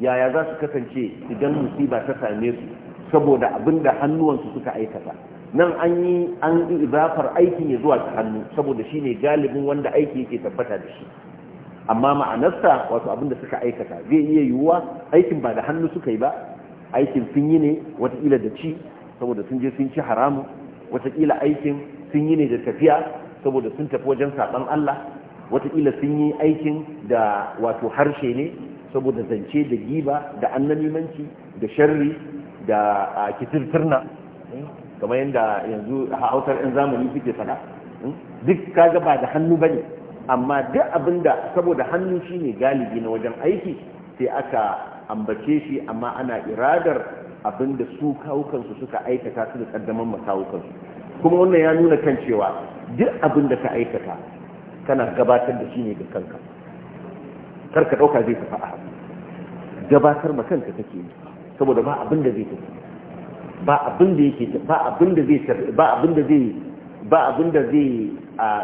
yaya za su kasance idan musiba ta same su saboda abinda hannuwansu suka aikata nan an yi an yi izafar aikin ya zuwa ta hannu saboda shi ne galibin wanda aiki yake tabbata da shi amma ma'anarsa wato abin da suka aikata zai iya yiwuwa aikin ba da hannu suka yi ba aikin sun yi ne watakila da ci saboda sun je sun ci haramu watakila aikin sun yi ne da tafiya saboda sun tafi wajen saɓan Allah watakila sun yi aikin da wato harshe ne saboda zance da giba da annamimanci da sharri da kitirtirna kamar yadda yanzu a hausar yan zamani suke fada hmm? duk kaga ba da hannu bane amma duk abinda saboda hannu shine galibi na wajen aiki sai aka ambace shi amma ana iradar abinda su kawukansu suka aikata su da kaddaman makawukansu kuma wannan ya nuna kan cewa duk abinda ka aikata kana gabatar da shi ne ga kanka karka dauka zai tafi a gabatar ma kanka take yi saboda ba abinda zai tafi ba abin da yake ba abin da zai ba abin da zai ba abin da zai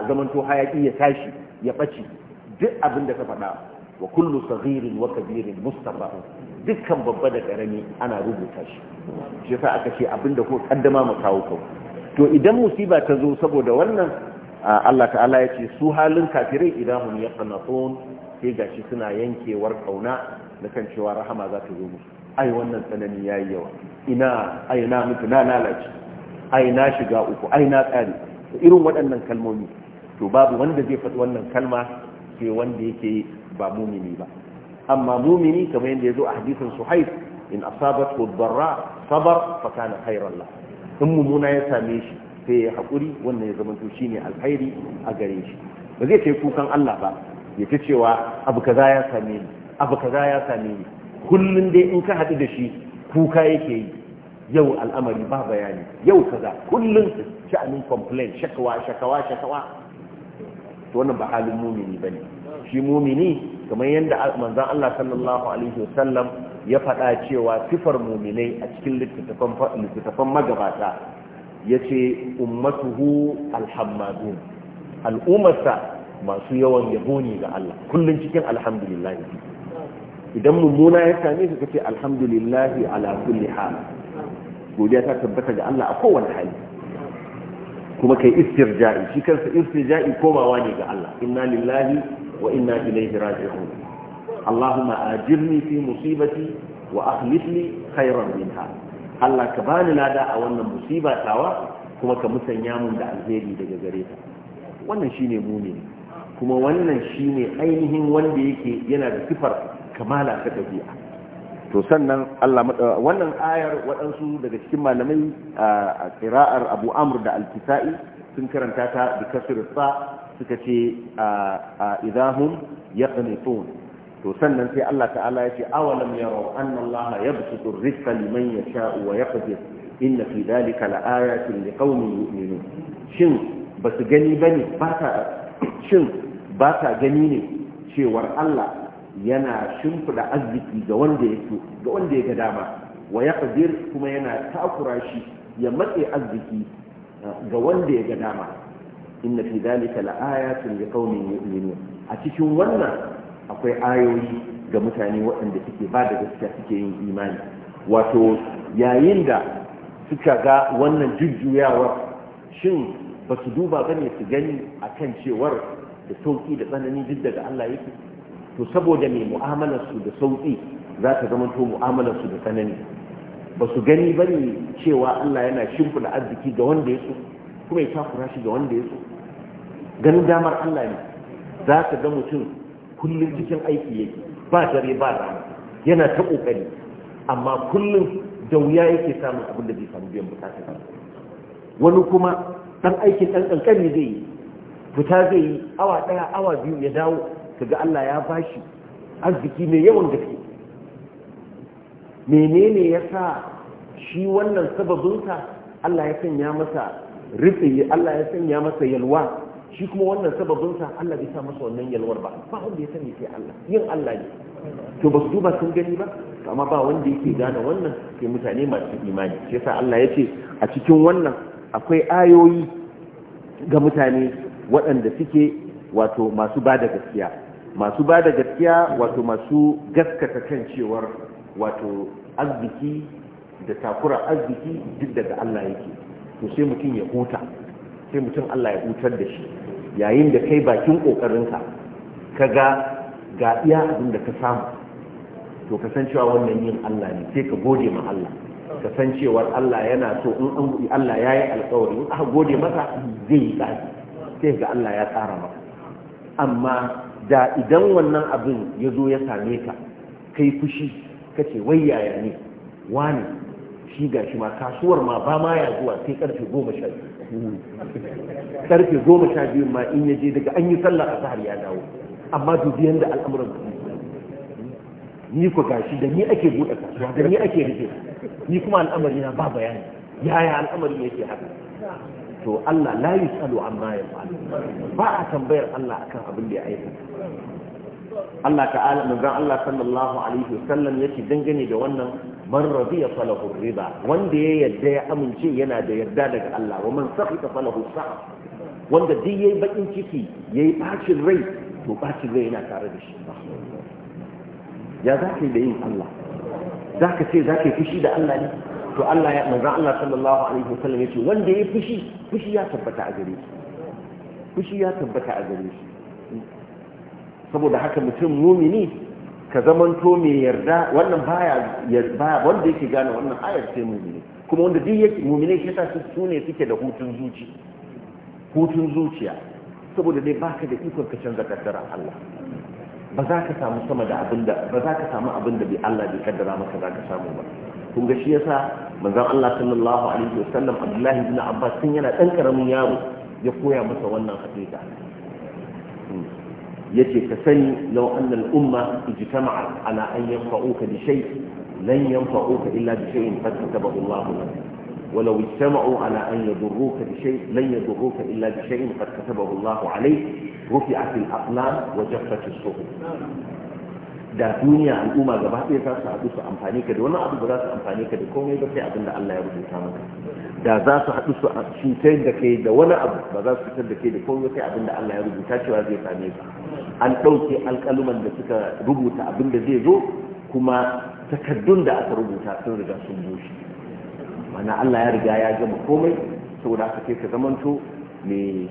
zamanto hayaki ya tashi ya bace duk abin da ka faɗa wa kullu saghirin wa kabirin mustafa dukkan babba da karami ana rubuta shi shi yasa aka ce abin da ko kaddama mu kawo kawo to idan musiba ta zo saboda wannan Allah ta'ala ya ce su halin kafirai idan hum yaqnatun sai gashi suna yankewar kauna na kan cewa rahama za ta zo musu ai wannan tsanani ya yi yawa ina ai na mutu na lalace ai na shiga uku ai na tsari irin waɗannan kalmomi to babu wanda zai faɗi wannan kalma ke wanda yake ba mumini ba amma mumini kamar yadda ya zo a hadisin suhaib in asabat ko barra sabar fa kana la in mumuna ya same shi sai ya haƙuri wannan ya zama to ne alkhairi a gare shi ba zai kai kukan Allah ba ya ta cewa abu kaza ya same ni abu kaza ya same ni kullum dai in ka haɗu da shi kuka yake yi yau al'amari ba bayani yau kaza kullum sha'anin complain shakawa shakawa shakawa to wannan ba halin mumini bane shi mumini kamar yadda manzon Allah sallallahu alaihi wasallam ya faɗa cewa sifar muminai a cikin littattafan magabata ya yace ummatuhu alhammadun al'ummarsa masu yawan yabo ne ga Allah kullum cikin alhamdulillah idan mummuna ya same ka kace alhamdulillahi ala kulli hal godiya ta tabbata ga Allah a kowane hali kuma kai istirja'i shi kansa istirja'i komawa ne ga Allah inna lillahi wa inna ilaihi raji'un Allahumma ajirni fi musibati wa akhlif li khayran minha Allah ka bani lada a wannan musiba tawa kuma ka musanya mun da alheri daga gare ta wannan shine mumini kuma wannan shine ainihin wanda yake yana da sifar kamala ta ɗabi'a to sannan Allah eh, wannan ayar waɗansu daga cikin malamai a ƙira'ar Abu amur da Al-Kisa'i sun karanta ta bi kasr suka ce a idahum yaqnitun to sannan sai Allah ta'ala ya ce awalam yaraw anna Allah yabsutu ar-rizqa ya yasha'u wa yaqdir inna fi dhalika la'ayatin liqaumin yu'minun shin basu gani bane ba ta ba ta gani ne cewar Allah yana shimfida arziki ga wanda ya so ga wanda ya ga dama wa kuma yana takura shi ya matse arziki uh, ga wanda ya ga dama inna fi dhalika la'ayatun qaumin yu'minun a cikin wannan akwai ayoyi ga mutane waɗanda suke ba da gaskiya suke yin imani wato yayin da suka ga wannan jujjuyawar shin ba su duba bane su gani akan cewar da sauki da tsanani duk daga Allah yake to saboda mai su da sauƙi za ta zama to mu'amalarsu da tsanani ba su gani ba ne cewa Allah yana shimfula arziki ga wanda ya so kuma ya takura shi ga wanda ya so ganin damar Allah ne za ka ga mutum kullum cikin aiki yake ba dare ba rana yana ta ƙoƙari amma kullum da wuya yake samun abin da zai samu biyan bukatar wani kuma ɗan aikin ɗan ƙanƙani zai yi fita zai yi awa ɗaya awa biyu ya dawo kaga Allah ya bashi arziki mai yawan gaske menene ya sa shi wannan sababinsa Allah ya sanya masa rufe Allah ya sanya masa yalwa shi kuma wannan sababinsa Allah bai sa masa wannan yalwar ba ba wanda ya sani sai Allah yin Allah ne to ba su duba sun gani ba amma ba wanda yake gane wannan sai mutane masu imani shi yasa Allah ya ce a cikin wannan akwai ayoyi ga mutane waɗanda suke wato masu ba da gaskiya masu ba da gaskiya wato masu gaskata kan cewar wato arziki da takura arziki duk daga Allah yake to sai mutum ya huta sai mutum Allah ya hutar da shi yayin da kai bakin kokarinka ka ga ga iya abin da ka samu to ka san cewa wannan yin Allah ne sai ka gode ma Allah ka san cewa Allah yana so in an Allah yayi alƙawari in aka gode masa zai yi tsari sai ga Allah ya tsara maka amma da idan wannan abin ya zo ya same ka kai fushi ka ce wai yaya ne wani shi ga shi ma kasuwar ma ba ma ya zuwa sai karfe goma sha biyu karfe goma sha biyu ma in ya je daga an yi sallah a zahar ya dawo amma dubi yanda al'amuran ni ku gashi da ni ake buɗe kasuwa da ni ake rufe ni kuma al'amari na ba bayani yaya al'amari yake haka to Allah la yusalu amma yaf'al ba a tambayar Allah akan abin da ya aikata Allah ta'ala manzon Allah sallallahu alaihi wasallam yake dangane da wannan man radiya falahu riba wanda ya yadda ya amince yana da yarda daga Allah wa man sakhita falahu sa'a wanda duk yayi bakin ciki yayi bacin rai to bacin rai yana tare da shi ya za ka yi da yin Allah za ka ce za ka yi fushi da Allah ne to Allah ya manzon Allah sallallahu alaihi wasallam yace wanda ya fushi fushi ya tabbata a gare shi fushi ya tabbata a gare shi saboda haka mutum mumini ka zamanto mai yarda wannan baya wanda yake gane wannan ayar sai mumini kuma wanda duk yake mumini shi ta su ne suke da hutun zuci hutun zuciya saboda dai baka da ikon ka canza kaddara Allah ba za ka samu sama da abinda ba za ka samu abinda bai Allah bai kaddara maka za ka samu ba kun ga shi yasa manzon Allah sallallahu alaihi wasallam Abdullahi ibn Abbas sun yana dan karamin yaro ya koya masa wannan hadisi يتي كسني لو أن الأمة اجتمعت على أن ينفعوك بشيء لن ينفعوك إلا بشيء قد كتبه الله لك ولو اجتمعوا على أن يضروك بشيء لن يضروك إلا بشيء قد كتبه الله عليك رفعت الأقلام وجفت الصحف da duniya al'umma gaba ɗaya za su haɗu su amfani ka da wani abu ba za su amfani ka da komai ba sai abin da Allah ya rubuta maka da za su haɗu su cutar da kai da wani abu ba za su fitar da kai da komai sai abin da Allah ya rubuta cewa zai same ka an ɗauke alƙaluman da suka rubuta abin da zai zo kuma takaddun da aka rubuta sun riga sun bushe mana Allah ya riga ya gama komai saboda aka kai ka zamanto mai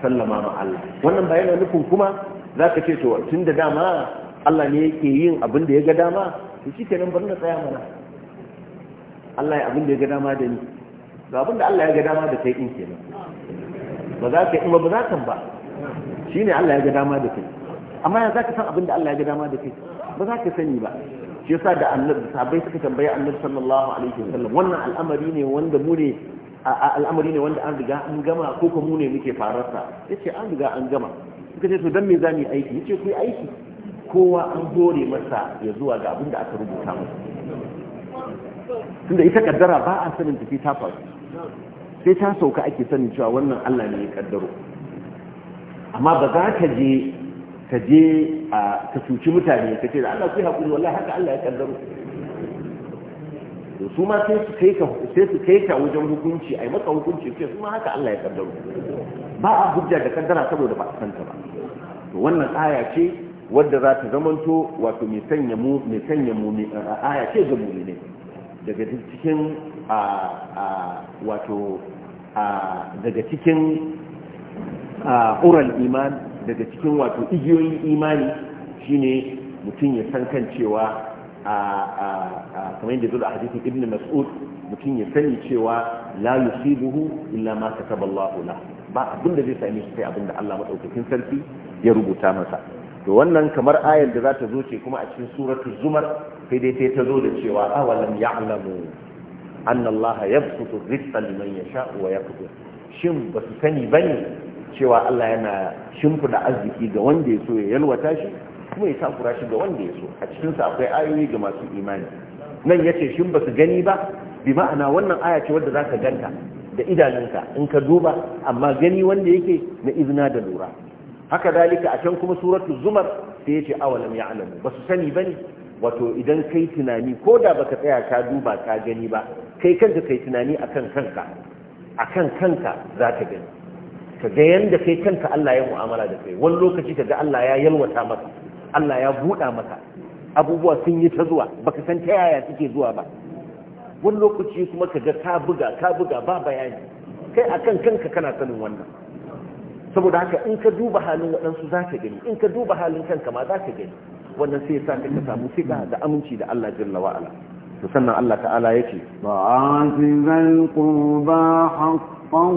sallama ma Allah wannan ba yana nufin kuma za ka ce to tun da dama Allah ne yake yin abin da ya ga dama to shi kenan bari na tsaya mana Allah ya abin da ya ga dama da ni ga abin da Allah ya ga dama da kai in kenan ba za ka ba za ka ba shine Allah ya ga dama da kai amma ya za ka san abin da Allah ya ga dama da kai ba za ka sani ba shi yasa da annabi sabai suka tambaye annabi sallallahu alaihi wasallam wannan al'amari ne wanda mu ne al'amari ne wanda an riga an gama ko kuma mu ne muke fararsa yace an riga an gama suka ce to dan me za mu yi aiki yace ku yi aiki kowa an dore masa ya zuwa ga abin da aka rubuta masa tunda ita kaddara ba a sanin tafi ta faru sai ta sauka ake sanin cewa wannan Allah ne ya kaddaro amma ba za ka je ka je a ka cuci mutane ka ce da Allah sai haƙuri, wallahi haka Allah ya kaddaro su ma sai su kai ka wajen hukunci yi maka hukunci sai su ma haka Allah ya kaddaro ba a hujja da kaddara saboda ba a santa ba to wannan aya ce wadda za ta zamanto wato mai sanya mu mai sanya mu aya ce ga mu'mini daga cikin a a wato a daga cikin a ural iman daga cikin wato igiyoyin imani shine mutum ya san kan cewa a kamar yadda zuwa hadisin ibn mas'ud mutum ya sani cewa la yusibuhu illa ma kataballahu lahu la ba abinda zai sami shi sai abinda Allah madaukakin sarki ya rubuta masa Da wannan kamar ayar da za ta zo ce kuma a cikin suratu zumar sai dai sai ta zo da cewa awalam ya'lamu anna Allah yabsutu rizqa liman yasha'u wa yaqdir shin ba su sani bane cewa Allah yana shimfida arziki ga wanda ya so ya yalwata shi kuma ya takura shi ga wanda ya so a cikin sa akwai ayoyi ga masu imani nan yace shin ba su gani ba bi ma'ana wannan aya ce wadda ka ganta da idanunka in ka duba amma gani wanda yake na izina da lura haka dalika a can kuma suratu zumar sai yace awalam ba su sani bane wato idan kai tunani ko da baka tsaya ka duba ka gani ba kai kanka kai tunani akan kanka akan kanka ka gani ka ga yanda kai kanka Allah ya mu'amala da kai wani lokaci ka ga Allah ya yalwata maka Allah ya buɗa maka abubuwa sun yi ta zuwa baka san ta yaya suke zuwa ba wani lokaci kuma ka ga ka buga ka buga ba bayani kai akan kanka kana sanin wannan saboda haka in ka duba halin waɗansu za ka gani in ka duba halin kanka ma za ka gani wannan sai sa ka samu siga da aminci da Allah jalla wa'ala to sannan Allah ta'ala yake ba an ba'azizal qurba haqqan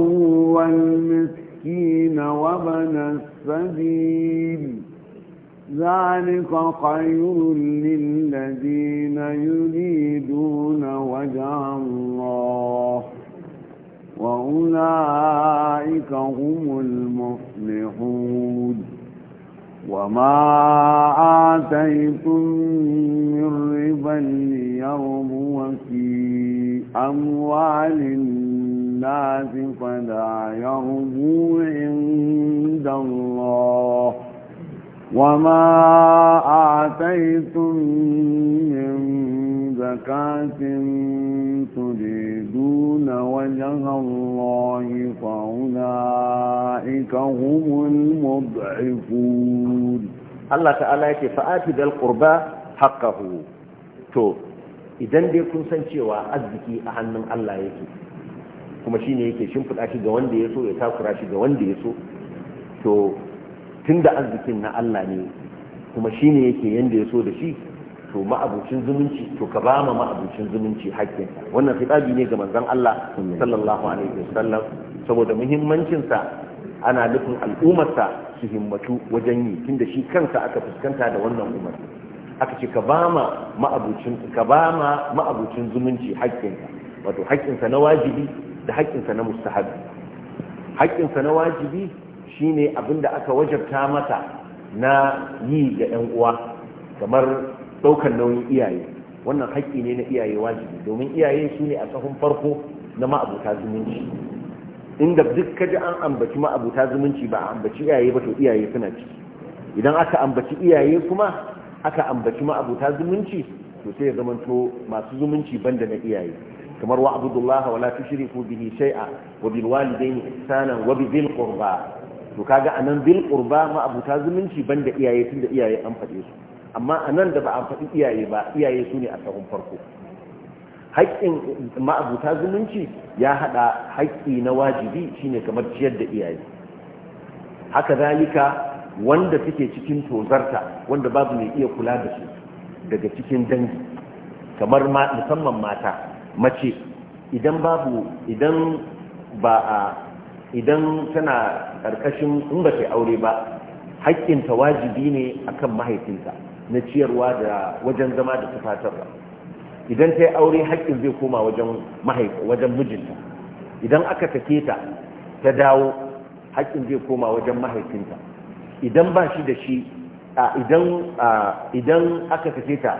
wal miskin wa banas sabil ذلك خير للذين يريدون وجه الله وأولئك هم المفلحون وما آتيتم من ربا ليربو في أموال الناس فلا يربو عند الله وما آتيتم من زكاة تريدون وجه الله فأولئك هم المضعفون الله تعالى يكي فآت ذا القربى حقه تو idan dai kun san cewa arziki a hannun Allah yake kuma shine yake shimfiɗa shi ga wanda ya so ya takura shi ga wanda ya so to tunda arzikin na Allah ne kuma shine yake yanda ya so da shi to ma'abucin zumunci to ka ba ma ma'abucin zumunci hakkin wannan fitabi ne ga manzon Allah sallallahu alaihi wasallam saboda muhimmancin sa ana nufin al'ummarsa su himmatu wajen yi tunda shi kansa aka fuskanta da wannan umar. aka ce ka ba ma ma'abucin ka ba ma ma'abucin zumunci hakkin wato haƙƙinsa na wajibi da haƙƙinsa na mustahabi haƙƙinsa na wajibi shine abin da aka wajabta mata na yi ga 'yan uwa kamar ɗaukar nauyin iyaye wannan haƙƙi ne na iyaye wajibi domin iyaye su ne a tsahon farko na ma'abuta zumunci inda duk kaji an ambaci ma'abuta zumunci ba a ambaci iyaye ba to iyaye suna ciki idan aka ambaci iyaye kuma aka ambaci ma'abuta zumunci to sai ya to masu zumunci banda na iyaye kamar wa abdullah wa la tushriku bihi shay'a wa bil walidayni ihsana wa bi dhil qurba to kaga anan bil qurba ma'abuta zumunci banda iyaye tunda iyaye an faɗe su amma a nan da ba a faɗi iyaye ba iyaye su ne a sahun farko haƙƙin ma'abuta zumunci ya haɗa haƙƙi na wajibi shine kamar ciyar da iyaye haka zalika wanda suke cikin tozarta wanda babu mai iya kula da su daga cikin dangi kamar musamman mata mace idan babu idan ba a idan tana ƙarƙashin in ba ta aure ba haƙƙinta wajibi ne akan mahaifinta na ciyarwa da wajen zama da tufatarwa idan ta yi aure haƙƙin zai koma wajen mahaifa wajen mijinta idan aka take ta ta dawo haƙƙin zai koma wajen mahaifinta idan ba shi da shi idan aka take ta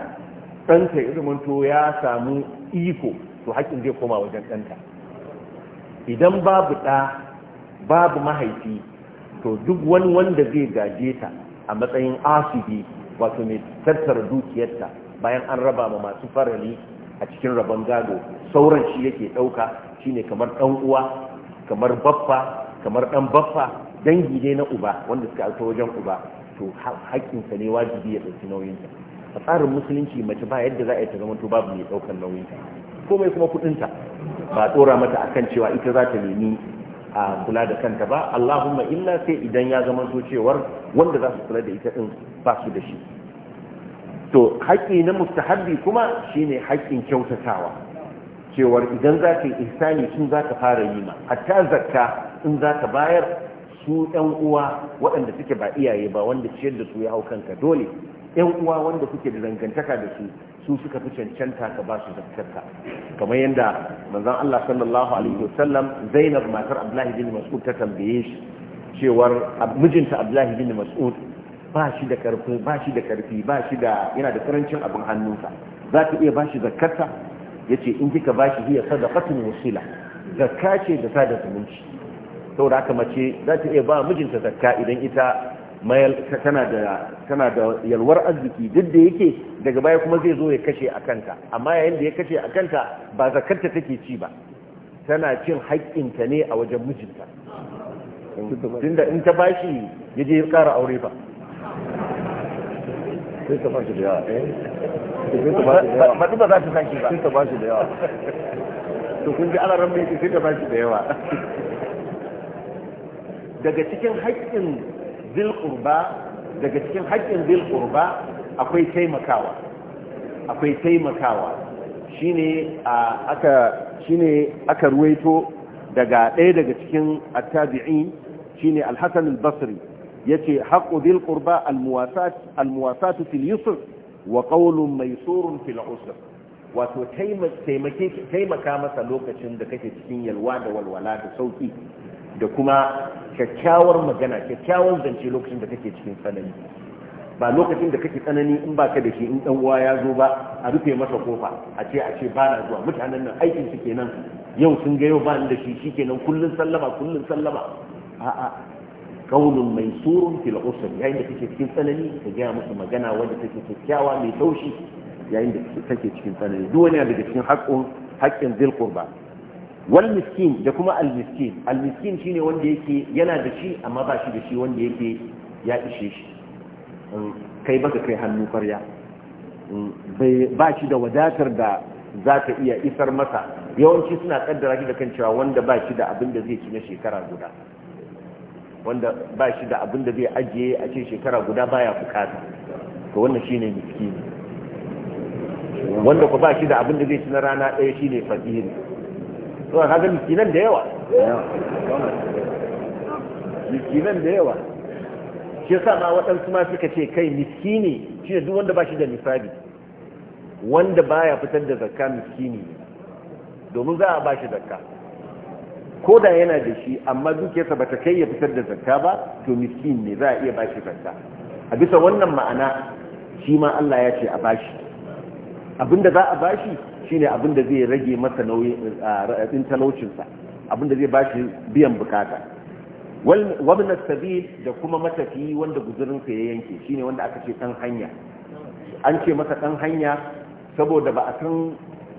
ɗanta ya zamanto ya samu iko to haƙƙin zai koma wajen ɗanta idan babu ɗa babu mahaifi to duk wani wanda zai gaje ta a matsayin asibi wato mai tattara dukiyarta bayan an raba ma masu farari a cikin rabon gado sauran shi yake ɗauka shine kamar ɗan uwa kamar baffa kamar ɗan baffa dangi ne na uba wanda suka aka wajen uba to haƙƙinsa ne wajibi ya ɗauki nauyinta a tsarin musulunci mace ba yadda za a yi ta zama babu mai ɗaukar nauyinta komai kuma kuɗinta ba tsora mata akan cewa ita za ta nemi a kula da kanta ba allahumma illa sai idan ya zama to cewar wanda za su kula da ita din ba su da shi to haƙƙi na mustahabbi kuma shine haƙƙin kyautatawa cewar idan za ka yi ihsani tun za ka fara yi ma hatta zakka in za ka bayar su ɗan uwa waɗanda suke ba iyaye ba wanda ciyar da su ya hau kanka dole yan uwa wanda suke da dangantaka da su su suka fi cancanta ka ba su zakkarka kamar yadda manzon Allah sallallahu alaihi wasallam Zainab matar Abdullahi bin Mas'ud ta tambaye shi cewar mijinta Abdullahi bin Mas'ud ba shi da karfi ba shi da karfi ba shi da yana da karancin abin hannunsa za ta iya ba shi zakkarta yace in kika ba shi hiya sadaqatun wasila zakka ce da sada zumunci saboda haka mace za ta iya ba mijinta zakka idan ita tana da yalwar arziki duk da yake daga baya kuma zai zo ya kashe a kanka amma yayin da ya kashe a kanka ba zakarta take ci ba tana cin haƙƙinta ne a wajen mijinta tunda in ta bashi ya je ƙara aure eh? ba ba za ta sake ba to kun ji mai da yawa daga cikin haƙƙin zil daga cikin haƙƙin zil akwai taimakawa akwai taimakawa shine aka shine aka ruwaito daga ɗaya daga cikin attabi'in shine al-Hasan al-Basri yace haqqu dhil qurba al-muwasat al-muwasat fil yusr wa qawlun maysur fil usr wato taimaka masa lokacin da kake cikin yalwa da walwala da sauki da kuma kyakkyawar magana kyakkyawar zance lokacin da kake cikin tsanani ba lokacin da kake tsanani in ba ka da shi in ɗanwa uwa ya zo ba a rufe masa kofa a ce a ce ba na zuwa mutanen nan aikin su kenan yau sun ga yau ba da shi shi nan kullum sallama kullum sallama a'a kaunin mai surun fil usr yayin da kake cikin tsanani ka gaya musu magana wanda take kyakkyawa mai taushi yayin da kake cikin tsanani duk wani daga cikin haƙƙin haƙƙin zil wal miskin da kuma al miskin al miskin shine wanda yake yana da shi amma ba shi da shi wanda yake ya ishe shi mm, kai baka kai hannu farya. Mm, bai ba shi da wadatar da za ka iya isar masa yawanci suna kaddara shi da kan cewa wanda ba shi da abin da zai ci na shekara guda wanda ba shi da abin da zai ajiye a ce shekara guda baya bukata to wannan shine miskini wanda ba shi da abin da zai ci na rana ɗaya shine fakiri to ka ga miskinan da yawa miskinan da yawa shi yasa ma waɗansu ma suka ce kai miskini shi ne duk wanda ba shi da nisabi wanda baya fitar da zakka miskini domin za a ba shi zakka ko da yana da shi amma dukiyarsa ba ta kai ya fitar da zakka ba to miskini ne za a iya ba shi zakka a bisa wannan ma'ana shi ma Allah ya ce a ba shi Abin da za a bashi shine abinda zai rage masa nauyin talaucinsa abinda zai bashi biyan bukata wabin sabil da kuma matafi wanda guzurinsa ya yanke shine wanda aka ce ɗan hanya an ce masa ɗan hanya saboda ba a san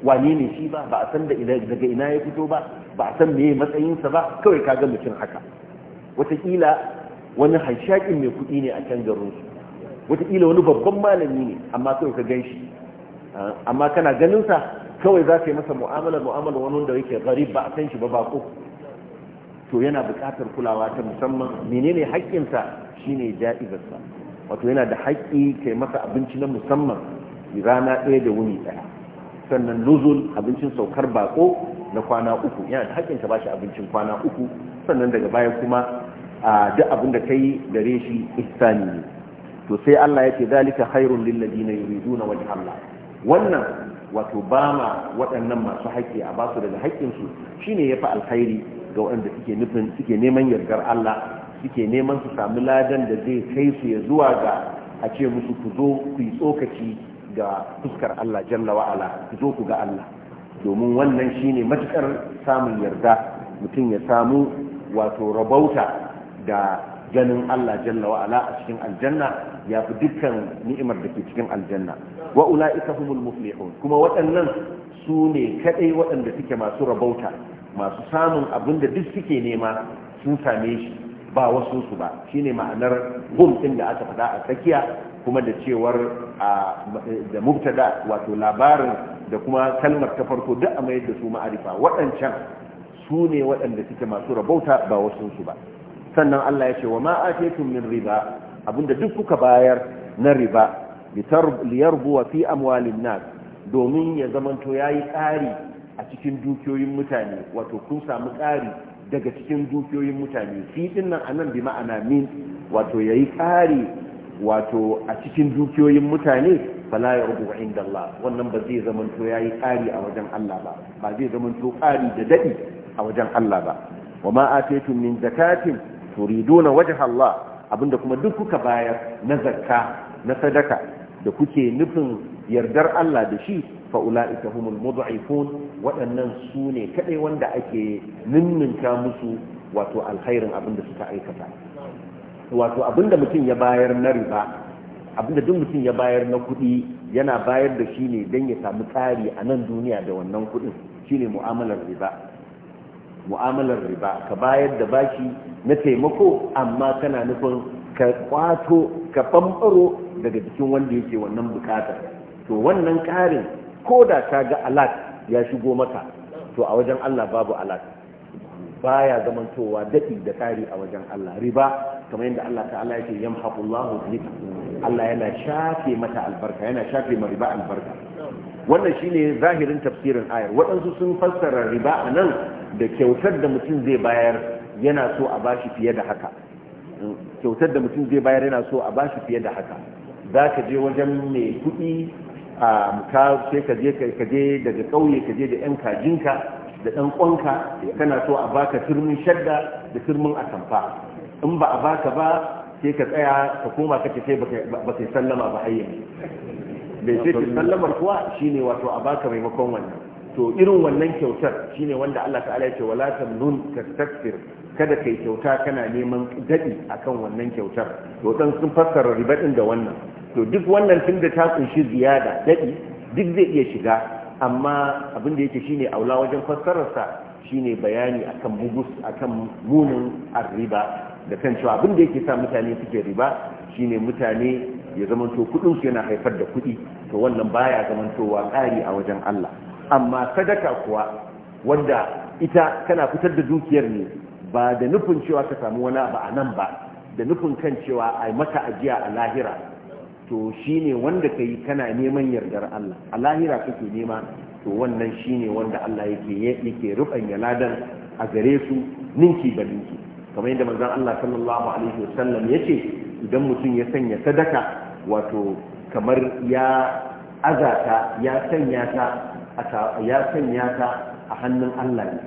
wani ne shi ba ba a san daga ina ya fito ba ba a san meye matsayinsa ba kawai ka gama mutum haka wataƙila wani hanshaƙin mai kuɗi ne a can garinsu wataƙila wani babban malami ne amma kawai ka gan shi amma kana ganin sa kawai za ka yi masa mu'amalar mu'amalar wani da yake garib ba a san shi ba bako to yana buƙatar kulawa ta musamman menene haƙƙinsa shine ja'izarsa wato yana da haƙƙi kai masa abinci na musamman rana ɗaya da wuni ɗaya sannan nuzul abincin saukar bako na kwana uku yana da haƙƙin ka ba shi abincin kwana uku sannan daga baya kuma duk abin da kai gare shi ihsani ne to sai Allah ya ce zalika khairun lil ladina yuriduna wajha Allah wannan wato ba ma waɗannan masu haƙƙi a ba su daga haƙƙinsu shi ne ya fi alkhairi ga waɗanda suke neman yargar Allah suke neman su sami ladan da zai kai su ya zuwa ga a ce musu ku zo ku yi tsokaci ga fuskar Allah jalla wa'ala ku zo ku ga Allah domin wannan shi ne matuƙar samun yarda mutum ya samu wato rabauta da ganin Allah jalla wa ala a cikin aljanna ya fi dukkan ni'imar da ke cikin aljanna wa ula'ika humul muflihun kuma waɗannan su ne kaɗai waɗanda suke masu rabauta masu samun abin da duk suke nema sun same shi ba wasu su ba shine ma'anar gum ɗin da aka faɗa a tsakiya kuma da cewar da mubtada wato labarin da kuma kalmar ta farko duk a mayar da su ma'arifa waɗancan su ne waɗanda suke masu rabauta ba wasu su ba sannan Allah ya ce wa ma ataytum min riba abinda duk kuka bayar na riba liyarbuwa fi amwalin nas domin ya zamanto yayi ƙari a cikin dukiyoyin mutane wato kun samu ƙari daga cikin dukiyoyin mutane fi din nan anan bi ma'ana min wato yayi ƙari wato a cikin dukiyoyin mutane fala ya rubu inda Allah wannan ba zai zamanto yayi ƙari a wajen Allah ba ba zai zamanto ƙari da dadi a wajen Allah ba wa ma ataytum min zakatin turiduna wajha Allah abinda kuma duk kuka bayar na zakka na sadaka da kuke nufin yardar Allah da shi fa ulaika humul mud'ifun waɗannan su ne kadai wanda ake nunnunta musu wato alkhairin abinda suka aikata wato abinda mutum ya bayar na riba abinda duk mutum ya bayar na kuɗi yana bayar da shi ne don ya samu tsari a nan duniya da wannan kuɗin shine mu'amalar riba mu'amalar riba ka bayar da baki na taimako amma kana nufin ka kwato ka bambaro daga cikin wanda yake wannan bukatar to wannan karin ko da ka ga alat ya shigo maka to a wajen Allah babu alat baya zamantowa daɗi da kari a wajen Allah riba kamar yadda Allah ta'ala yake yamhaqullahu riba Allah yana shafe mata albarka yana shafe ma riba albarka wannan shine zahirin tafsirin ayar waɗansu sun fassara riba a nan da kyautar da mutum zai bayar yana so a bashi fiye da haka kyautar da mutum zai bayar yana so a bashi fiye da haka za ka je wajen mai kuɗi a ka je daga ƙauye ka da yan kajinka da ɗan ƙwanka kana so a baka turmin shadda da turmin atamfa in ba a baka ba sai ka tsaya ka koma kake sai ba kai sallama ba hayyan bai ce sallamar kuwa shine wato a baka maimakon wannan to irin wannan kyautar shine wanda Allah ta'ala ya ce wala tamnun tastakbir kada kai kyauta kana neman daɗi akan wannan kyautar to dan sun fassara riba din da wannan to duk wannan tun da ta kunshi ziyada gadi duk zai iya shiga amma abin da yake shine aula wajen fassararsa shine bayani akan mugus akan munin riba da kan cewa abin da yake sa mutane suke riba shine mutane ya zamanto kudin su yana haifar da kudi to wannan baya zamantowa ƙari a wajen Allah amma sadaka kuwa wanda ita kana fitar da dukiyar ne ba da nufin cewa ka samu wani ba a nan ba da nufin kan cewa a maka ajiya a lahira to shine wanda ka yi kana neman yardar Allah a lahira kake nema to wannan shine wanda Allah yake yake rubanya a gare su ninki da ninki kamar yadda manzon Allah sallallahu alaihi wasallam yace idan mutum ya sanya sadaka wato kamar ya azata ya sanya ta ya sanya ta a hannun Allah ne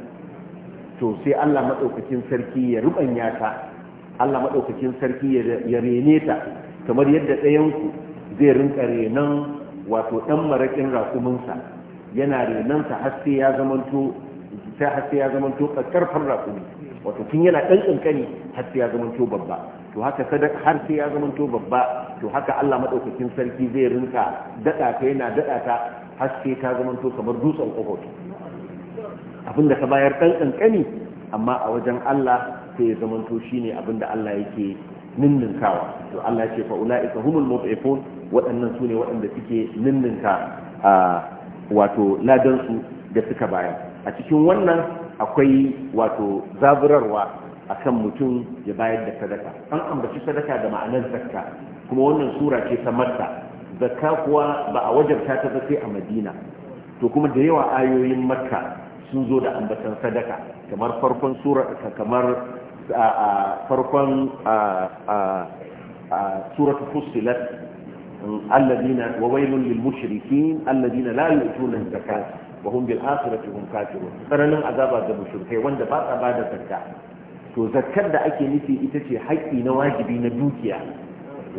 to sai Allah madaukakin sarki ya rubanya ta Allah madaukakin sarki ya rene ta kamar yadda ɗayan ku zai rinka renan wato dan marakin sa yana renansa har sai ya zamanto sai har sai ya zamanto karfar raƙumi wato tun yana dan kankani har sai ya zamanto babba to haka sadaka har sai ya zama to babba to haka Allah madaukakin sarki zai rinka dada ta yana dada ta har sai ta zama to kamar dutsen Abin abinda ka bayar dan kankani amma a wajen Allah sai ya zama to shine abinda Allah yake ninninkawa to Allah ce fa ulaika humul mud'ifun waɗannan ne waɗanda suke ninninka wato ladan su da suka bayar a cikin wannan akwai wato zaburarwa akan mutum ya bayar da sadaka an ambaci sadaka da ma'anar zakka kuma wannan sura ce ta makka zakka kuwa ba a wajarta ta ba sai a madina to kuma da yawa ayoyin makka sun zo da ambatan sadaka kamar farkon sura kamar farkon suratul fussilat الذين وويل للمشركين الذين لا يؤتون الزكاة وهم بالآخرة هم كافرون فرنا عذاب المشركين وان بعد بعد الزكاة to zakkar da ake nufi ita ce haƙƙi na wajibi na dukiya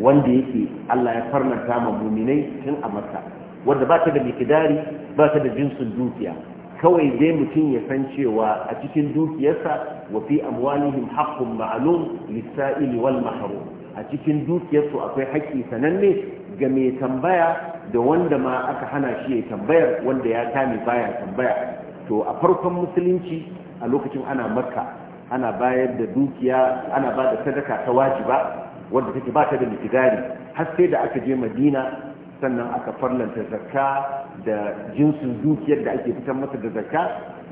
wanda yake Allah ya farnanta ma muminai tun a maka wanda ba ta da mikidari ba ta da jinsin dukiya kawai dai mutum ya san cewa a cikin dukiyarsa wa fi amwalihim haqqun ma'lum lis-sa'ili wal mahrum a cikin dukiyarsu akwai haƙƙi sananne ga mai tambaya da wanda ma aka hana shi ya tambayar wanda ya kame baya tambaya to a farkon musulunci a lokacin ana makka ana bayar da dukiya ana ba da sadaka ta wajiba wanda take ba ta da mikidari har sai da aka je madina sannan aka farlanta zakka da jinsin dukiyar da ake fitar masa da zakka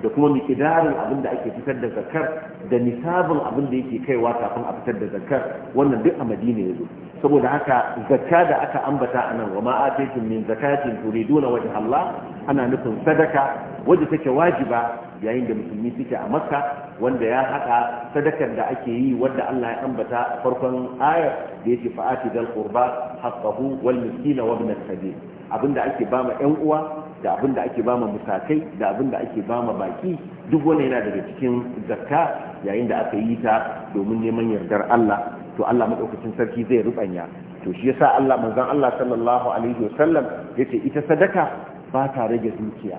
da kuma mikidarin abin da ake fitar da zakkar da nisabin abin da yake kaiwa kafin a fitar da zakkar wannan duk a madina ya zo saboda haka zakka da aka ambata a nan wa ma'atakin min zakatin turiduna wajh Allah ana nufin sadaka wadda take wajiba yayin da musulmi suke a makka wanda ya haɗa sadakar da ake yi wadda Allah ya ambata a farkon ayar da yake fa'ati dal qurba haqqahu wal miskina wa ibn sabil abinda ake ba ma ƴan uwa da abinda ake ba ma musakai da abinda ake ba ma baki duk wani yana daga cikin zakka yayin da aka yi ta domin neman yardar Allah to Allah madaukakin sarki zai rubanya to shi yasa Allah manzon Allah sallallahu alaihi wasallam yace ita sadaka ba ta rage zuciya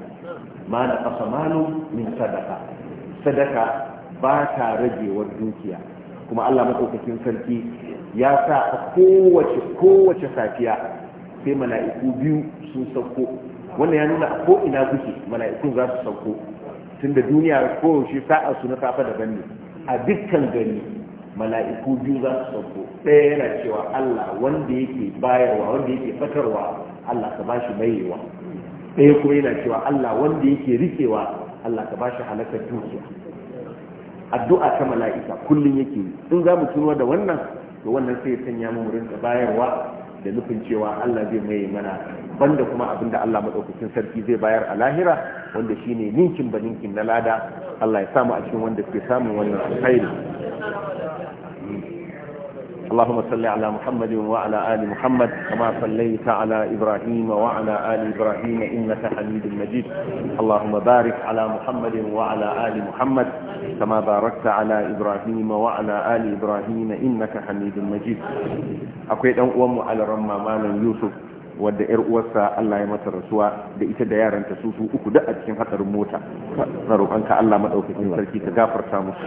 ma na malu min sadaka sadaka ba ta ragewar dukiya kuma Allah maɗaukakin sarki ya sa a kowace kowace safiya sai mala'iku biyu sun sauko wannan ya nuna a ko ina kuke mala'iku za su sauko tunda duniya shi sa'a su na safa daban ne a dukkan gani mala'iku biyu za su sauko ɗaya yana cewa Allah wanda yake bayarwa wanda yake fatarwa Allah ka ba shi mayewa ɗaya kuma yana cewa Allah wanda yake rikewa Allah ka shi halakar dukiya addu'a ta mala'ika kullum yake in za mu tuno da wannan to wannan sai ya sanya mu da bayarwa da nufin cewa Allah zai mai mana banda kuma abin da Allah madaukakin sarki zai bayar a lahira wanda shine ninkin ba ninkin na lada Allah ya samu a cikin wanda suke samun wannan alkhairi اللهم صل على محمد وعلى آل محمد كما صليت على إبراهيم وعلى آل إبراهيم إنك حميد مجيد اللهم بارك على محمد وعلى آل محمد كما باركت على إبراهيم وعلى آل إبراهيم إنك حميد مجيد أكيد أن أم على رمى مالا يوسف wadda yar uwarsa Allah ya mata rasuwa da ita da yaranta su su uku duk a cikin hatsarin mota na ka Allah madaukakin sarki ka gafarta musu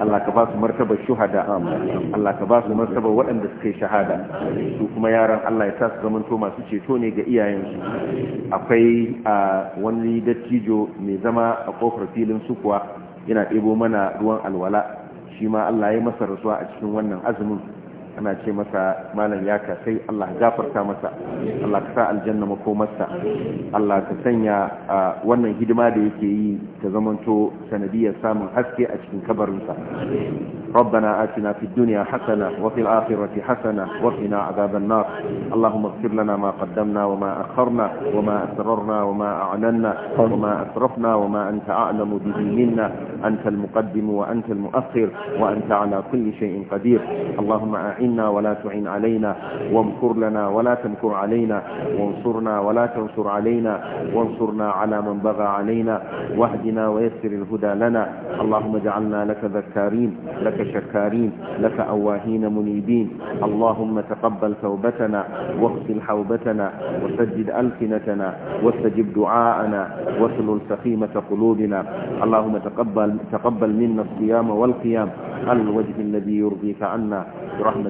Allah ka ba su martaba shuhada Allah ka ba su martaba waɗanda suka yi shahada su kuma yaran Allah ya sa su zamanta masu ceto ne ga iyayen su akwai wani dattijo mai zama a kofar filin su kuwa yana ɗebo mana ruwan alwala shi ma Allah ya masa rasuwa a cikin wannan azumin ana ce masa malam ya sai Allah gafarta masa Allah ka sa aljanna makomarsa Allah ka sanya wannan hidima da yake yi ta zamanto sanadiyar samun haske a cikin kabarinsa ربنا آتنا في الدنيا حسنة وفي الآخرة حسنة وقنا عذاب النار اللهم اغفر لنا ما قدمنا وما أخرنا وما أسررنا وما أعلنا وما أسرفنا وما أنت أعلم به منا أنت المقدم وأنت المؤخر وأنت على كل شيء قدير اللهم أعلم عنا ولا تعن علينا وامكر لنا ولا تمكر علينا وانصرنا ولا تنصر علينا وانصرنا على من بغى علينا واهدنا ويسر الهدى لنا اللهم اجعلنا لك ذكارين لك شكارين لك أواهين منيبين اللهم تقبل توبتنا واغسل حوبتنا وسجد ألسنتنا واستجب دعاءنا واسلل سخيمة قلوبنا اللهم تقبل, تقبل منا الصيام والقيام الوجه الذي يرضيك عنا برحمتك